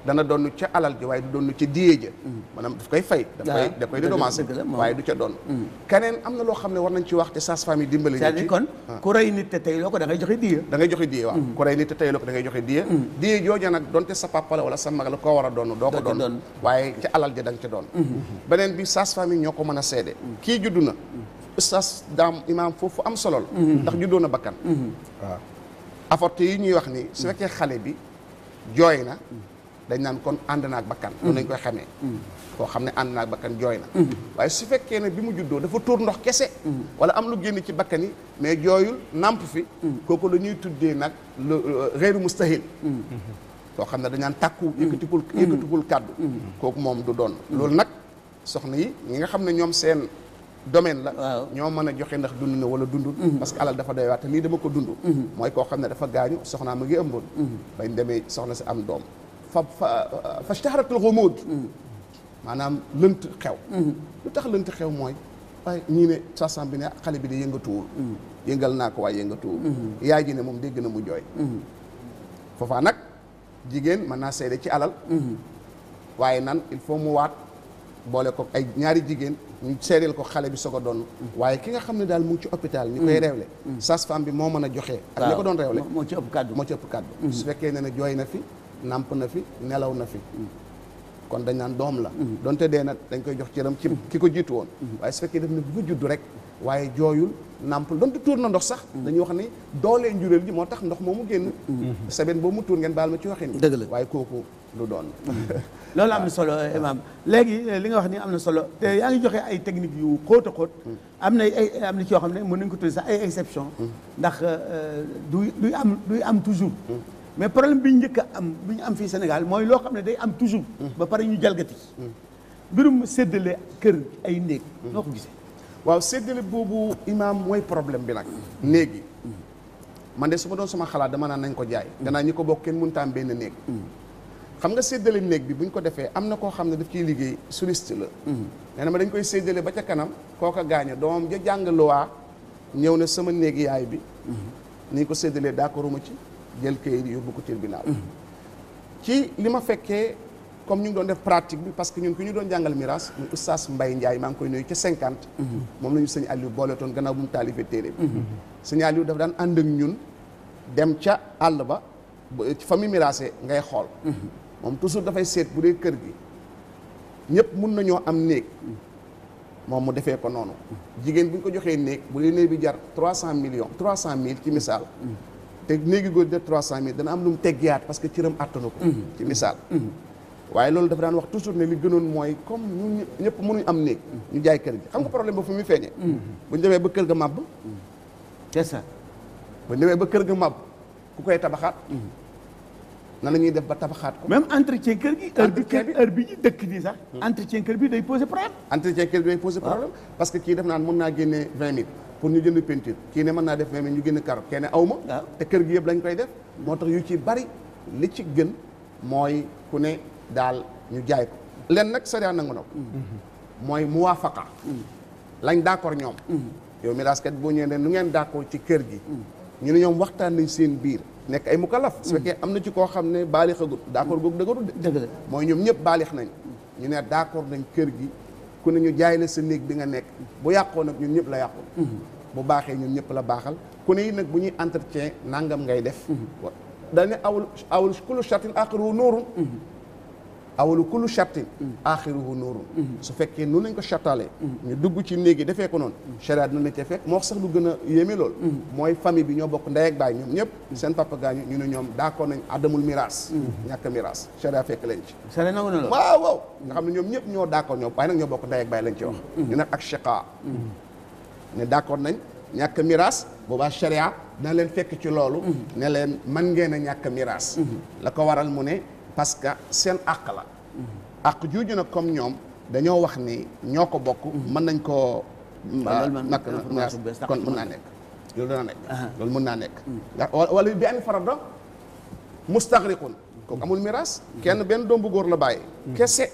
dana doon ca alal ji waaye du doon ca diye ja mm. maanaam daf koy fay daf koy daf koy dédommagé waaye du ca doon mm. keneen am na loo xam ne war nañ ci wax te sage-femme yi dimbale ñu ci nit te tey ko da ngay joxe diye da joxe diye waaw ku rey nit te tey loo ko da joxe diye mm. diye jooja nag donte sa papa la sa mag la koo war a doon doo ko doon waaye ca alal ji da ca doon mm-hmm. beneen bi sage-femme yi ñoo ko mën a seede kii juddu na ustaas daam imaam foofu am solo la mm-hmm. ndax juddoo na bakkan mm-hmm. waaw yi ñuy wax ni su fekkee xale bi jooy na dañ naan kon ànd ak bakkan loolu mm. lañ koy xamee mm. koo xam ne ànd naag bakkan jooy na mm. waaye su fekkee ne bi mu juddoo dafa tuur ndox kese wala am lu génn ci bakkan yi mais jooyul nàmp fi kooku la ñuy tuddee nag le euh, réeru koo xam ne dañ naan tàkku yëkkatikul yëkkatikul kàddu kooku moom du doon loolu nag soxna yi ñi nga xam ne ñoom seen domaine la ñoo mën a joxe ndax dund na wala dund parce que alal dafa doy waat te dama ko dund mooy koo xam ne dafa gaañu soxnaa ma ngi ëmboon bañ demee soxna si am doom fa fa ishtaharatul ghumuud lënt xew lu tax lënt xew mooy waaye ñii ne bi ne xale bi de yëngatuwul yëngal naa ko waaye yëngatuwul yaay ji ne moom dégg na mu jooy foofaa nag jigéen mën naa seede ci alal waaye nan il faut mu waat boole ko ay ñaari jigéen ñu seedeel ko xale bi soog a doon waaye ki nga xam ne daal mu ngi ci hôpital ñi koy mm. reewle mm. sas-femme bi moo mën a joxe ak ñi ko doon reewle moo ci ëpp kàddu moo ci ëpp kàddu mm. su fekkee ne ne jooy na fi nàmp na fi nelaw na fi mm. kon dañ naan doom la mm. donte dee nag dañ koy jox cëram ci mm. ki ko jiitu woon waaye su fekkee def na bu juddu rek waaye jooyul nàmpul donte tuur na ndox sax dañuy wax ni doolee njuréel ji moo tax ndox moomu génn sabeen boobu mu tuur ngeen baal ma ci waxin dëgg la waaye kooku du doon loolu am na solo eh, imam ah. léegi eh, li nga wax ni am na solo te yaa ngi joxe ay technique yu xóot a am na ay am na ci yoo xam ne mën nañ ko tudd sax ay exception ndax eh, du am duy am toujours mais problème bi njëkk a am bi ñu am fii Sénégal mooy loo xam ne day am toujours. ba pare ñu jalgati. mbirum séddale kër ay néeg. noo ko gisee. waaw séddale boobu imaam mooy problème bi nag. néeg yi man de su ma doon sama xalaat dama naan nañ ko jaay. danaa ñi ko bokk kenn mënut a am benn néeg. xam nga séddale néeg bi buñ ko defee am na koo xam ne daf ciy liggéey soliste la. nee na ma dañ koy séddale ba ca kanam kooka gaaña doom ja jàng luwaa ñëw na sama néeg yaay bi. ni ñu ko séddalee ma ci. jël kayit yi yóbbu ko bi ci li ma fekkee comme ñu ngi doon def pratique bi parce que ñun ku ñu doon jàngal miraas ñu oustaz Mbaye Ndiaye maa ngi koy nuyu ca cinquante moom lañu ñu sëñ Aliou booletoon gannaaw bu mu taalifee téere bi sëñ Aliou dafa daan ànd ak ñun dem ca àll ba fa mu miraase ngay xool moom toujours dafay seet bu dee kër gi ñëpp mun nañoo am néeg moom mu defee ko noonu jigéen bu ñu ko joxee néeg bu dee néeg bi jar trois cent million trois cent mille ci misaal te néegi góor de trois cent mille dana am lu mu teggiyaat parce que cëram àttanu ko mhm. ci misaal mhm. Mhm. waaye loolu dafa daan wax toujours ne li gënoon mooy comme ñu ñëpp mënuñ am néeg ñu jaay kër gi xam nga problème ba fu muy feeñee bu ñu ba kër ga màbb c'est ça bu ñu ba kër ga màbb ku koy tabaxaat nan la ñuy def ba tabaxaat ko même entretien kër gi heure bi kër bi heure bi dëkk nii sax entretien kër bi day poser problème entretien kër bi day poser ah. problème parce que kii def naan mën naa génne vingt mille pour ñu jënd peinture kii ne mën naa def mais ñu gën a karo kene aw ma te kër gi yëpp lañ koy def moo tax yu ci bari li ci gën mooy ku ne daal ñu jaay ko len nag sariya nangu na ko mm-hmm. mooy muwaafaqa mm-hmm. lañ d'accord ñoom mm-hmm. yow miraaskat boo ñëwee ne nu ngeen d'accord ci kër gi ñu ne ñoom waxtaan nañ seen biir nekk ay mukalaf su fekkee am na ci koo xam ne baalixagut d'accord googu dëgërul de mooy ñoom ñëpp baalix nañ ñu ne d'accord nañ kër gi ku ne ñu jaay na sa néeg bi nga nekk bu yàqoo nag ñun ñëpp la yàqu bu baaxee ñun ñëpp la baaxal ku ne yi nag bu ñuy entretien nangam ngay def mhm. dañu awul awul kullu shatin aqiru nuurun mhm. awalu kullu shartin axiruhu nuurun su fekkee noonu lañ ko chartaalee ñu dugg ci néegi defee ko noonu charia dina lañ moo sax lu gën a yéeme mooy famille bi ñoo bokk ndey ak baay ñoom ñëpp seen papa ñu ne ñoom d'accord nañ adamul miraas ñàkk miraas charia fekk lañ ci na lool waaw nga xam ne ñoom ñëpp ñoo d'accord ñoom waaye nag ñoo bokk ndey ak baay lañ ñu nag ak chiqa ne d'accord nañ ñàkk miraas boobaa charia dina leen fekk ci loolu mm-hmm. ne leen man ngeen a ñàkk miraas mm-hmm. la ko waral mu ne parce que seen àq la àq jooju nag comme ñoom dañoo wax ni ñoo ko bokk mën nañ koo nag kon mën naa nekk loolu mën naa nekk loolu mën naa nekk wala bi an farada mustaxriqun amul miraas hmm. kenn benn doom bu góor la bàyyi hmm. kese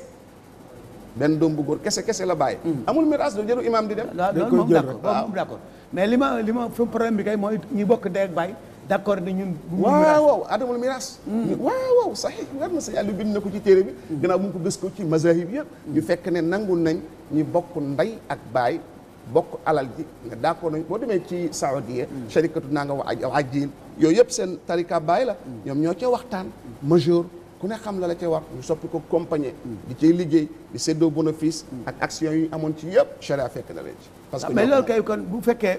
benn doom bu góor kese kese la bàyyi hmm. amul miraas du jëru imaam di dem d'accord mais li ma li ma fi problème bi kay mooy ñi bokk dee ak bàyyi d'accord ne ñun. waaw waaw adamul miraas. Hmm. waaw waaw saxiix war na sax yàlla bind na ko ci téere bi. Hmm. gannaaw mu ngi ko bés ko ci mazahib yëpp. Hmm. ñu fekk ne nangu nañ ñi bokk ndey ak baay bokk alal ji nga d'accord nañ boo demee ci Saoudia. sharikatu naa nga wa ajin yooyu yëpp seen tarika baay la. ñoom ñoo cee waxtaan majeur. bu ne xam la la ca wax ñu soppi ko compagnie di ciy liggéey di séddoo bénéfice ak action yu amoon ci yëpp charia fekk na leen ci parce que ah, mais loolu kay kon bu fekkee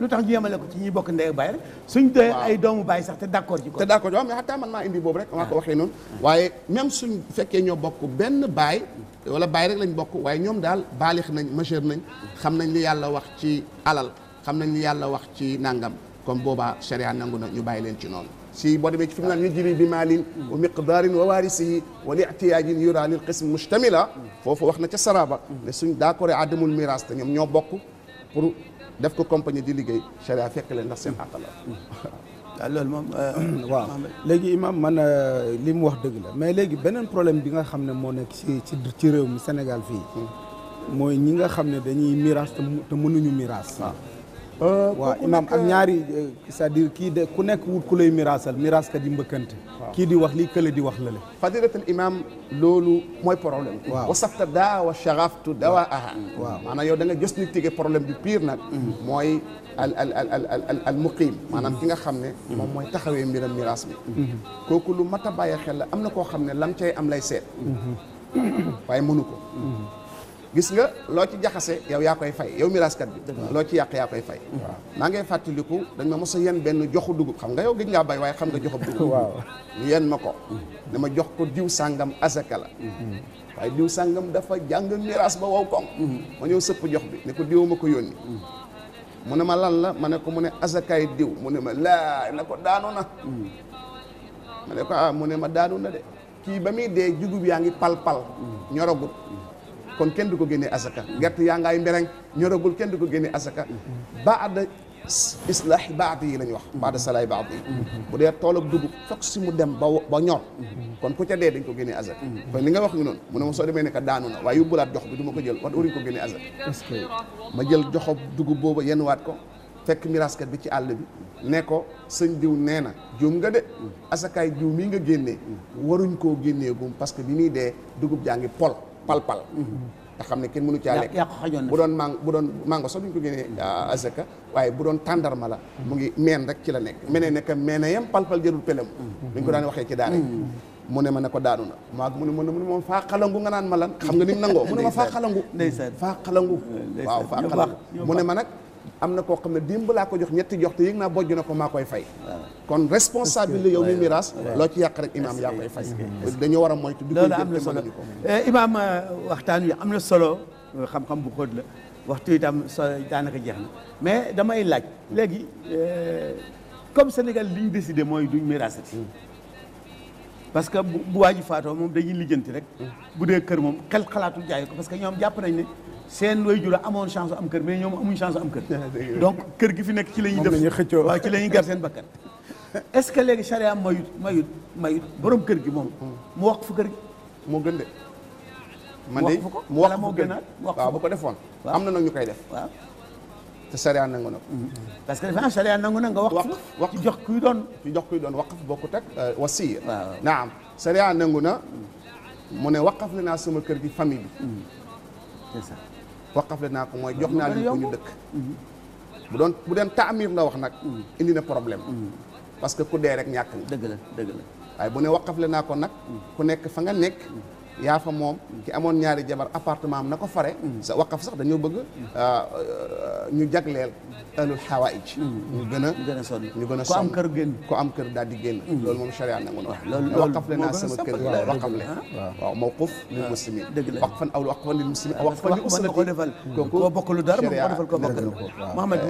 lu tax ñu yemale ko ci ñuy bokk ndey ak baay rek suñ dee ay doomu baay sax te d'accord ci ko te d'accord xataa man maa indi boobu rek maa ko ah. waxee noonu waaye même suñ fekkee ñoo bokk benn baay wala baay rek lañ bokk waaye ñoom daal baalix nañ majeur nañ xam nañ li yàlla wax ci alal xam nañ li yàlla wax ci nàngam comme boobaa charia nangu na ñu bàyyi leen ci noonu ci boo demee ci fi naan ñu jili bi maalin wa miqdaarin wa waarisihi wa li'tiyaajin yura lil qism mustamila foofu wax na ca saraba ne suñ d'accord adamul miraas te ñoom ñoo bokk pour def ko compagnie di liggéey sharia fekk leen ndax seen xàq la [LAUGHS] ah, euh, [COUGHS] waaw léegi imam man euh, li mu wax dëgg la mais léegi beneen problème bi nga xam ne moo nekk ci ci ci réew mu Sénégal fii hmm. mooy ñi nga xam ne dañuy miraas te mënuñu miraas ah. Euh, waaw imaam ak euh, ñaari euh, cest kii de ku nekk wut ku lay miraasal miraaskat yi mbëkkante kii di wax lii kële di wax lële fadilatul imaam loolu mooy problème waaw wasafta daa wa sharaftu dawa aha waaw yow da nga jos ni tige problème bi pire nag mm-hmm. mooy al muqiim mm-hmm. maanaam ki nga xam ne moom mooy taxawee mbiram miraas bi mm-hmm. kooku lu mat a bàyyi xel la am na koo xam ne lam cay am lay seet [COUGHS] waaye mënu ko gis nga loo ci jaxase yow yaa koy fay yow miraaskat bi loo ci yàq yaa koy fay maa ngay fàttaliku dañ ma mos a yen benn joxu dugub xam nga yow gëj ngaa bay waaye xam nga joxu dugub waaw ñu ma ko mm-hmm. dama jox ko diw sàngam asaka la mm-hmm. sàngam dafa jàng miraas ba wow koŋ mm-hmm. ma ñëw jox bi ne ko diw ma ko yónni mu ne ma lan la ma ne ko mu ne asakaay diw mu ne ma laa ne ko daanu ne ah, mu ne ma daanu na de kii ba muy dee jugub yaa ngi pal pal ñorogut kon kenn du ko génnee asaka gerte yaa ngaay mbereng ñoragul kenn du ko génne ba asaka baada islaahi baat yi lañ wax baada salaay baat yi bu dee toolab dugub fokk si mu dem ba ba ñor kon ku ca dee dañ ko génnee azak kon li nga wax ngi noonu mu ne ma soo demee ne ka daanu na waaye yóbbulaat jox bi du ma ko jël wax waruñ ko génnee azak ma jël joxo dugub boobu yenn waat ko fekk miraaskat bi ci àll bi ne ko sëñ diw nee na juum nga de asakaay diw mii nga génnee waruñ koo génnee gum parce que bi muy dee dugub jaa ngi pol pal-pal nga xam ne kenn mënu caa lekk bu doon mang bu doon mango sax duñ ko génnee ah, azaka waaye bu doon tàndarma la mu ngi meen rek ci la nekk menee nekk meene yam palpal jërul pelem mm-hmm. duñ ko daan waxee ci daara mm-hmm. mu ne ma ne ko daanu na maag mu ne mu ne mu faa xalangu nga naan ma lan xam nga ni mu nangoo mu ne ma faa xalangu faa xalangu mu ne ma nag am na koo xam ne démb laa ko jox ñetti jox te yëg naa bojj na ko maa koy fay kon responsable yow mi miraas loo ci yàq rek imaam yaa koy fay dañoo war a moytu di koy am na solo euh, imaam euh, waxtaan wi am na solo xam-xam bu xóot la waxtu itam so daanaka jeex na mais damay laaj léegi euh, comme Sénégal li ñu décidé mooy duñ miraasati parce que bu waa ji faatoo moom dañuy lijjanti rek mm. bu dee kër moom xel xalaatul jaay ko parce que ñoom jàpp nañ ne seen waajur a amoon chance am kër mais ñoom amuñ chance am kër. [LAUGHS] donc kër gi fi nekk ci la ñuy def moom la ñuy xëccoo waaw ci la ñuy gar seen bakkan. [LAUGHS] est-ce que léegi charia mayut mayut mayut kër gi moom. Hmm. mu wax fu kër gi. moo gën de. man de mu wax moo gën waaw bu ko defoon. am na nag ñu koy def. waaw te charia nangu na ko. Hmm. parce que defe naa charia nangu na nga wax. wax ci jox kuy doon. ci jox kuy doon waqaf bokkut ak euh, wasiya. waaw naam charia nangu na hmm. mu ne waqaf na naa sama kër gi famille waqafle naa ko mooy jox naa leen ko ñu dëkk mm-hmm. bu doon bu doon taamir la wax nag mm-hmm. indi na problème mm-hmm. parce que ku dee rek ñàkk na dëgg la dëgg la waaye bu ne waqafle naa ko nag ku nekk fa nga nekk yaa fa moom ki amoon ñaari jabar appartement am na ko fare mm-hmm. sa waqaf sax dañoo bëgg mm-hmm. ah, ñu jagleel ahlul xawaïj mm-hmm. ñu gën a gën a sonn ñu gën a sonn ko am kër génn ko am kër di génn loolu moom charia nangu na loolu sama kër waqaf le waaw mawquf lil muslimin waqfan aw waqfan lil muslimin waqfan li usrati bokk lu dara moo ko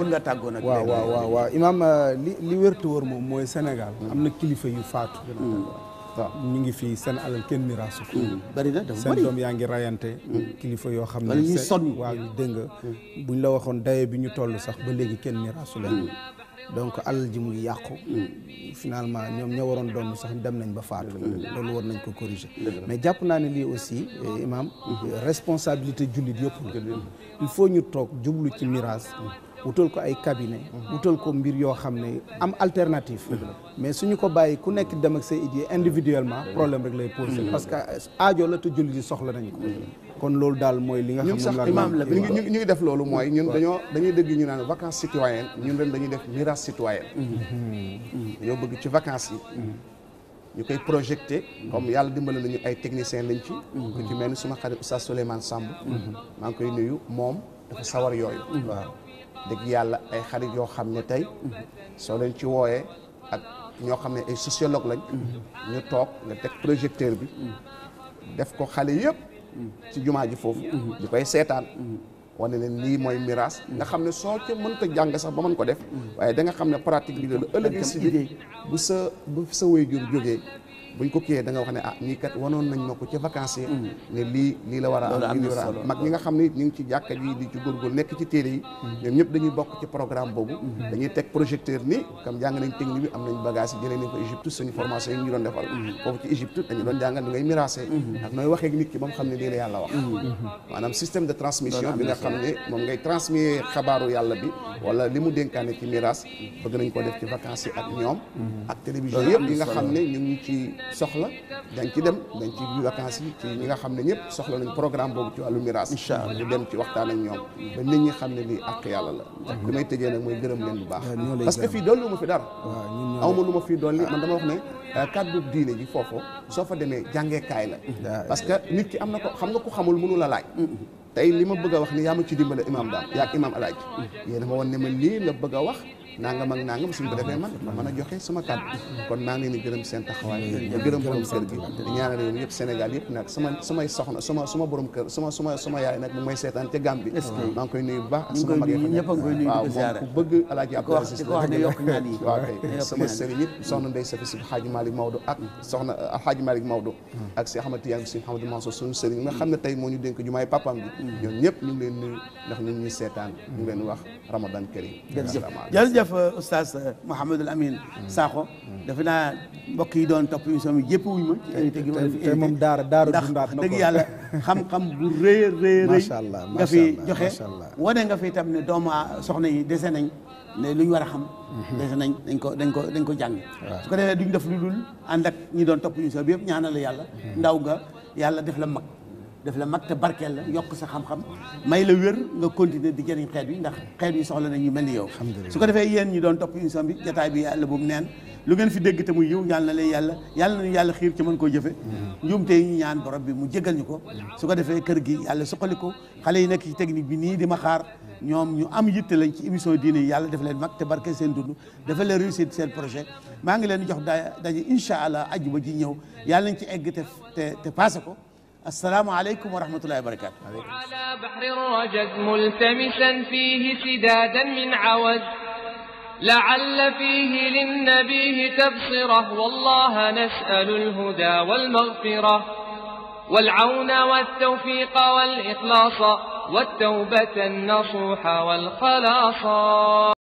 defal koo nag waaw waaw waaw imaam li li wértu wóor moom mooy Sénégal am na kilifa yu faatu waaw ñu ngi fii seen alal kenn miraasu ko hmm, bari na dafa bari seen doom yaa ngi rayante hmm. kilifa yoo xam ne ñuy waa waaw dégg nga hmm. buñ la waxoon daye bi ñu toll sax ba léegi kenn miraasu leen donc alal ji mu ngi yàqu finalement ñoom ña waroon doon sax dem nañ ba faatu loolu war nañ ko corriger mais jàpp naa ne lii aussi eh, imam responsabilité jullit yëpp la il faut ñu toog jublu ci miraas wutal ko ay cabinet wutal ko mbir yoo xam ne am alternative mais suñu ko bàyyi ku nekk dem ak say idée individuellement problème rek lay posé parce que aajo la te jullit yi soxla nañ ko kon loolu daal mooy li nga xam ñun sax imam la ñu def loolu mooy ñun dañoo dañuy dégg ñu naan vacances citoyennes ñun ren dañuy def mirage citoyen dañoo bëgg ci vacances yi ñu koy projeté comme yàlla dimbali nañu ay techniciens lañ ci ku ci mel ni suma xarit Oustaz Souleymane sàmm maa ngi koy nuyu moom dafa sawar yooyu dëgg yàlla ay xarit yoo xam ne tey soo leen ci wooyee ak ñoo xam ne ay sociologue lañ ñu toog nga teg projecteur bi def ko xale yëpp ci jumaa ji foofu di koy seetaan wane leen lii mooy miraas nga xam ne soo ca mënta jàng sax ba mën ko def waaye da nga xam ne pratique bi la ëllëgee si bu sa bu sa jur jógee buñ ah, ko mm. a am lii ñu ngi ci jàkka ji di ci góorgóorlu nekk ci téere yi mm. ñoom ñëpp dañuy bokk ci programme boobu mm-hmm. dañuy teg suñu formation yi ñu doon defal mm-hmm. foofu ci Égypte dañu doon jàngal ni ngay miraase mm-hmm. ak nooy waxee nit ki ba xam ne lii la yàlla wax de transmission bi nga moom ngay transmettre xabaaru yàlla bi wala li mu dénkaane ci miraas bëgg nañ ko def ci vacances ak ñoom ak télévision yëpp yi nga xam ne ñu ngi ci soxla dañ ci dem dañ ci vacances ci ñi nga xam ne ñëpp soxla nañ programme boobu ci wàllu miraas incha allah dem ci waxtaan ak ñoom ba nit ñi xam ne lii ak yàlla la li may tëjee nag mooy gërëm leen bu baax parce que fii dolli ma fi dara aw ma lu ma fii dolli man dama wax ne euh, kàddu diine ji foofu soo fa demee jàngeekaay la parce que nit ki am na ko xam nga ko xamul mënu la laaj tey li ma bëgg a wax ni yaa ma ci dimbale imaam daam yaa ak a alaaj yéena ma woon ne ma lii a wax nangam ak nangam suñ ko defee man ma mën a joxe sama kàddu kon maa ngi leen di gërëm seen taxawaay di gërëm borom kër yëpp Sénégal yëpp nag sama samay soxna sama yaay nag mu may seetaan ca Gambie maa koy nuyu baax ak a ngi koy nuyu waaw moom ku bëgg alaaji Abdou Aziz waaw kay sama sëriñ yëpp soxna Ndey Safi si Hadji Malick Maodo ak soxna euh, Hadji Malick Maodo ak si Ahmad Tiyaan si Mouhamadou Mansour suñu xam ne tey moo ñu dénk jumaay papam bi mm. ñëpp ñu ngi leen nuyu ndax ñun ñuy seetaan ñu leen wax ramadan karim jërëjëf jërëjëf oustaz euh, Mouhamadul Amin Sakho defe naa mbokk yi doon topp émission bi yëpp wuñ ma ci invité gi te daara daara dundaat ndax dëgg yàlla xam-xam bu rëy rëy rëy nga fi joxe wane nga fi tam ne doomu ah, soxna yi dese nañ ne lu ñu war a xam mhm. dese nañ dañ ko dañ ko dañ ko jàng su ko defee duñ def lu dul ànd ñi doon topp émission bi yëpp ñaanal la yàlla mhm. ndaw nga yàlla def la mag def la mag te barkeel la yokk sa xam-xam may la wér nga continuer di jëriñ xeet wi ndax xeet wi soxla na nañu mel ni yow su ko defee yéen ñi doon topp émission bi jataay bi yàlla bu mu lu ngeen fi dégg te muy yiw yàlla yàlla yàlla nañu yàlla ci mën koo jëfe njuumte yi ñu ñaan borom bi mu jégal ko su ko defee kër gi yàlla suqali ko xale yi nekk ci technique bi nii di ma xaar ñoom ñu am yitte lañ ci émission diine yi yàlla def leen mag te barke seen dund dafa leen réussir seen projet maa ngi leen jox daa daje incha allah ajjuma ji ñëw yàlla nañ ci egg te te te passé ko asalaamualeykum wa rahmatullahi wa barakaatu. ala bahrin rajad multamisan fihi sidaadan min awaz لعل فيه للنبي تبصرة والله نسأل الهدى والمغفرة والعون والتوفيق والإخلاص والتوبة النصوح والخلاص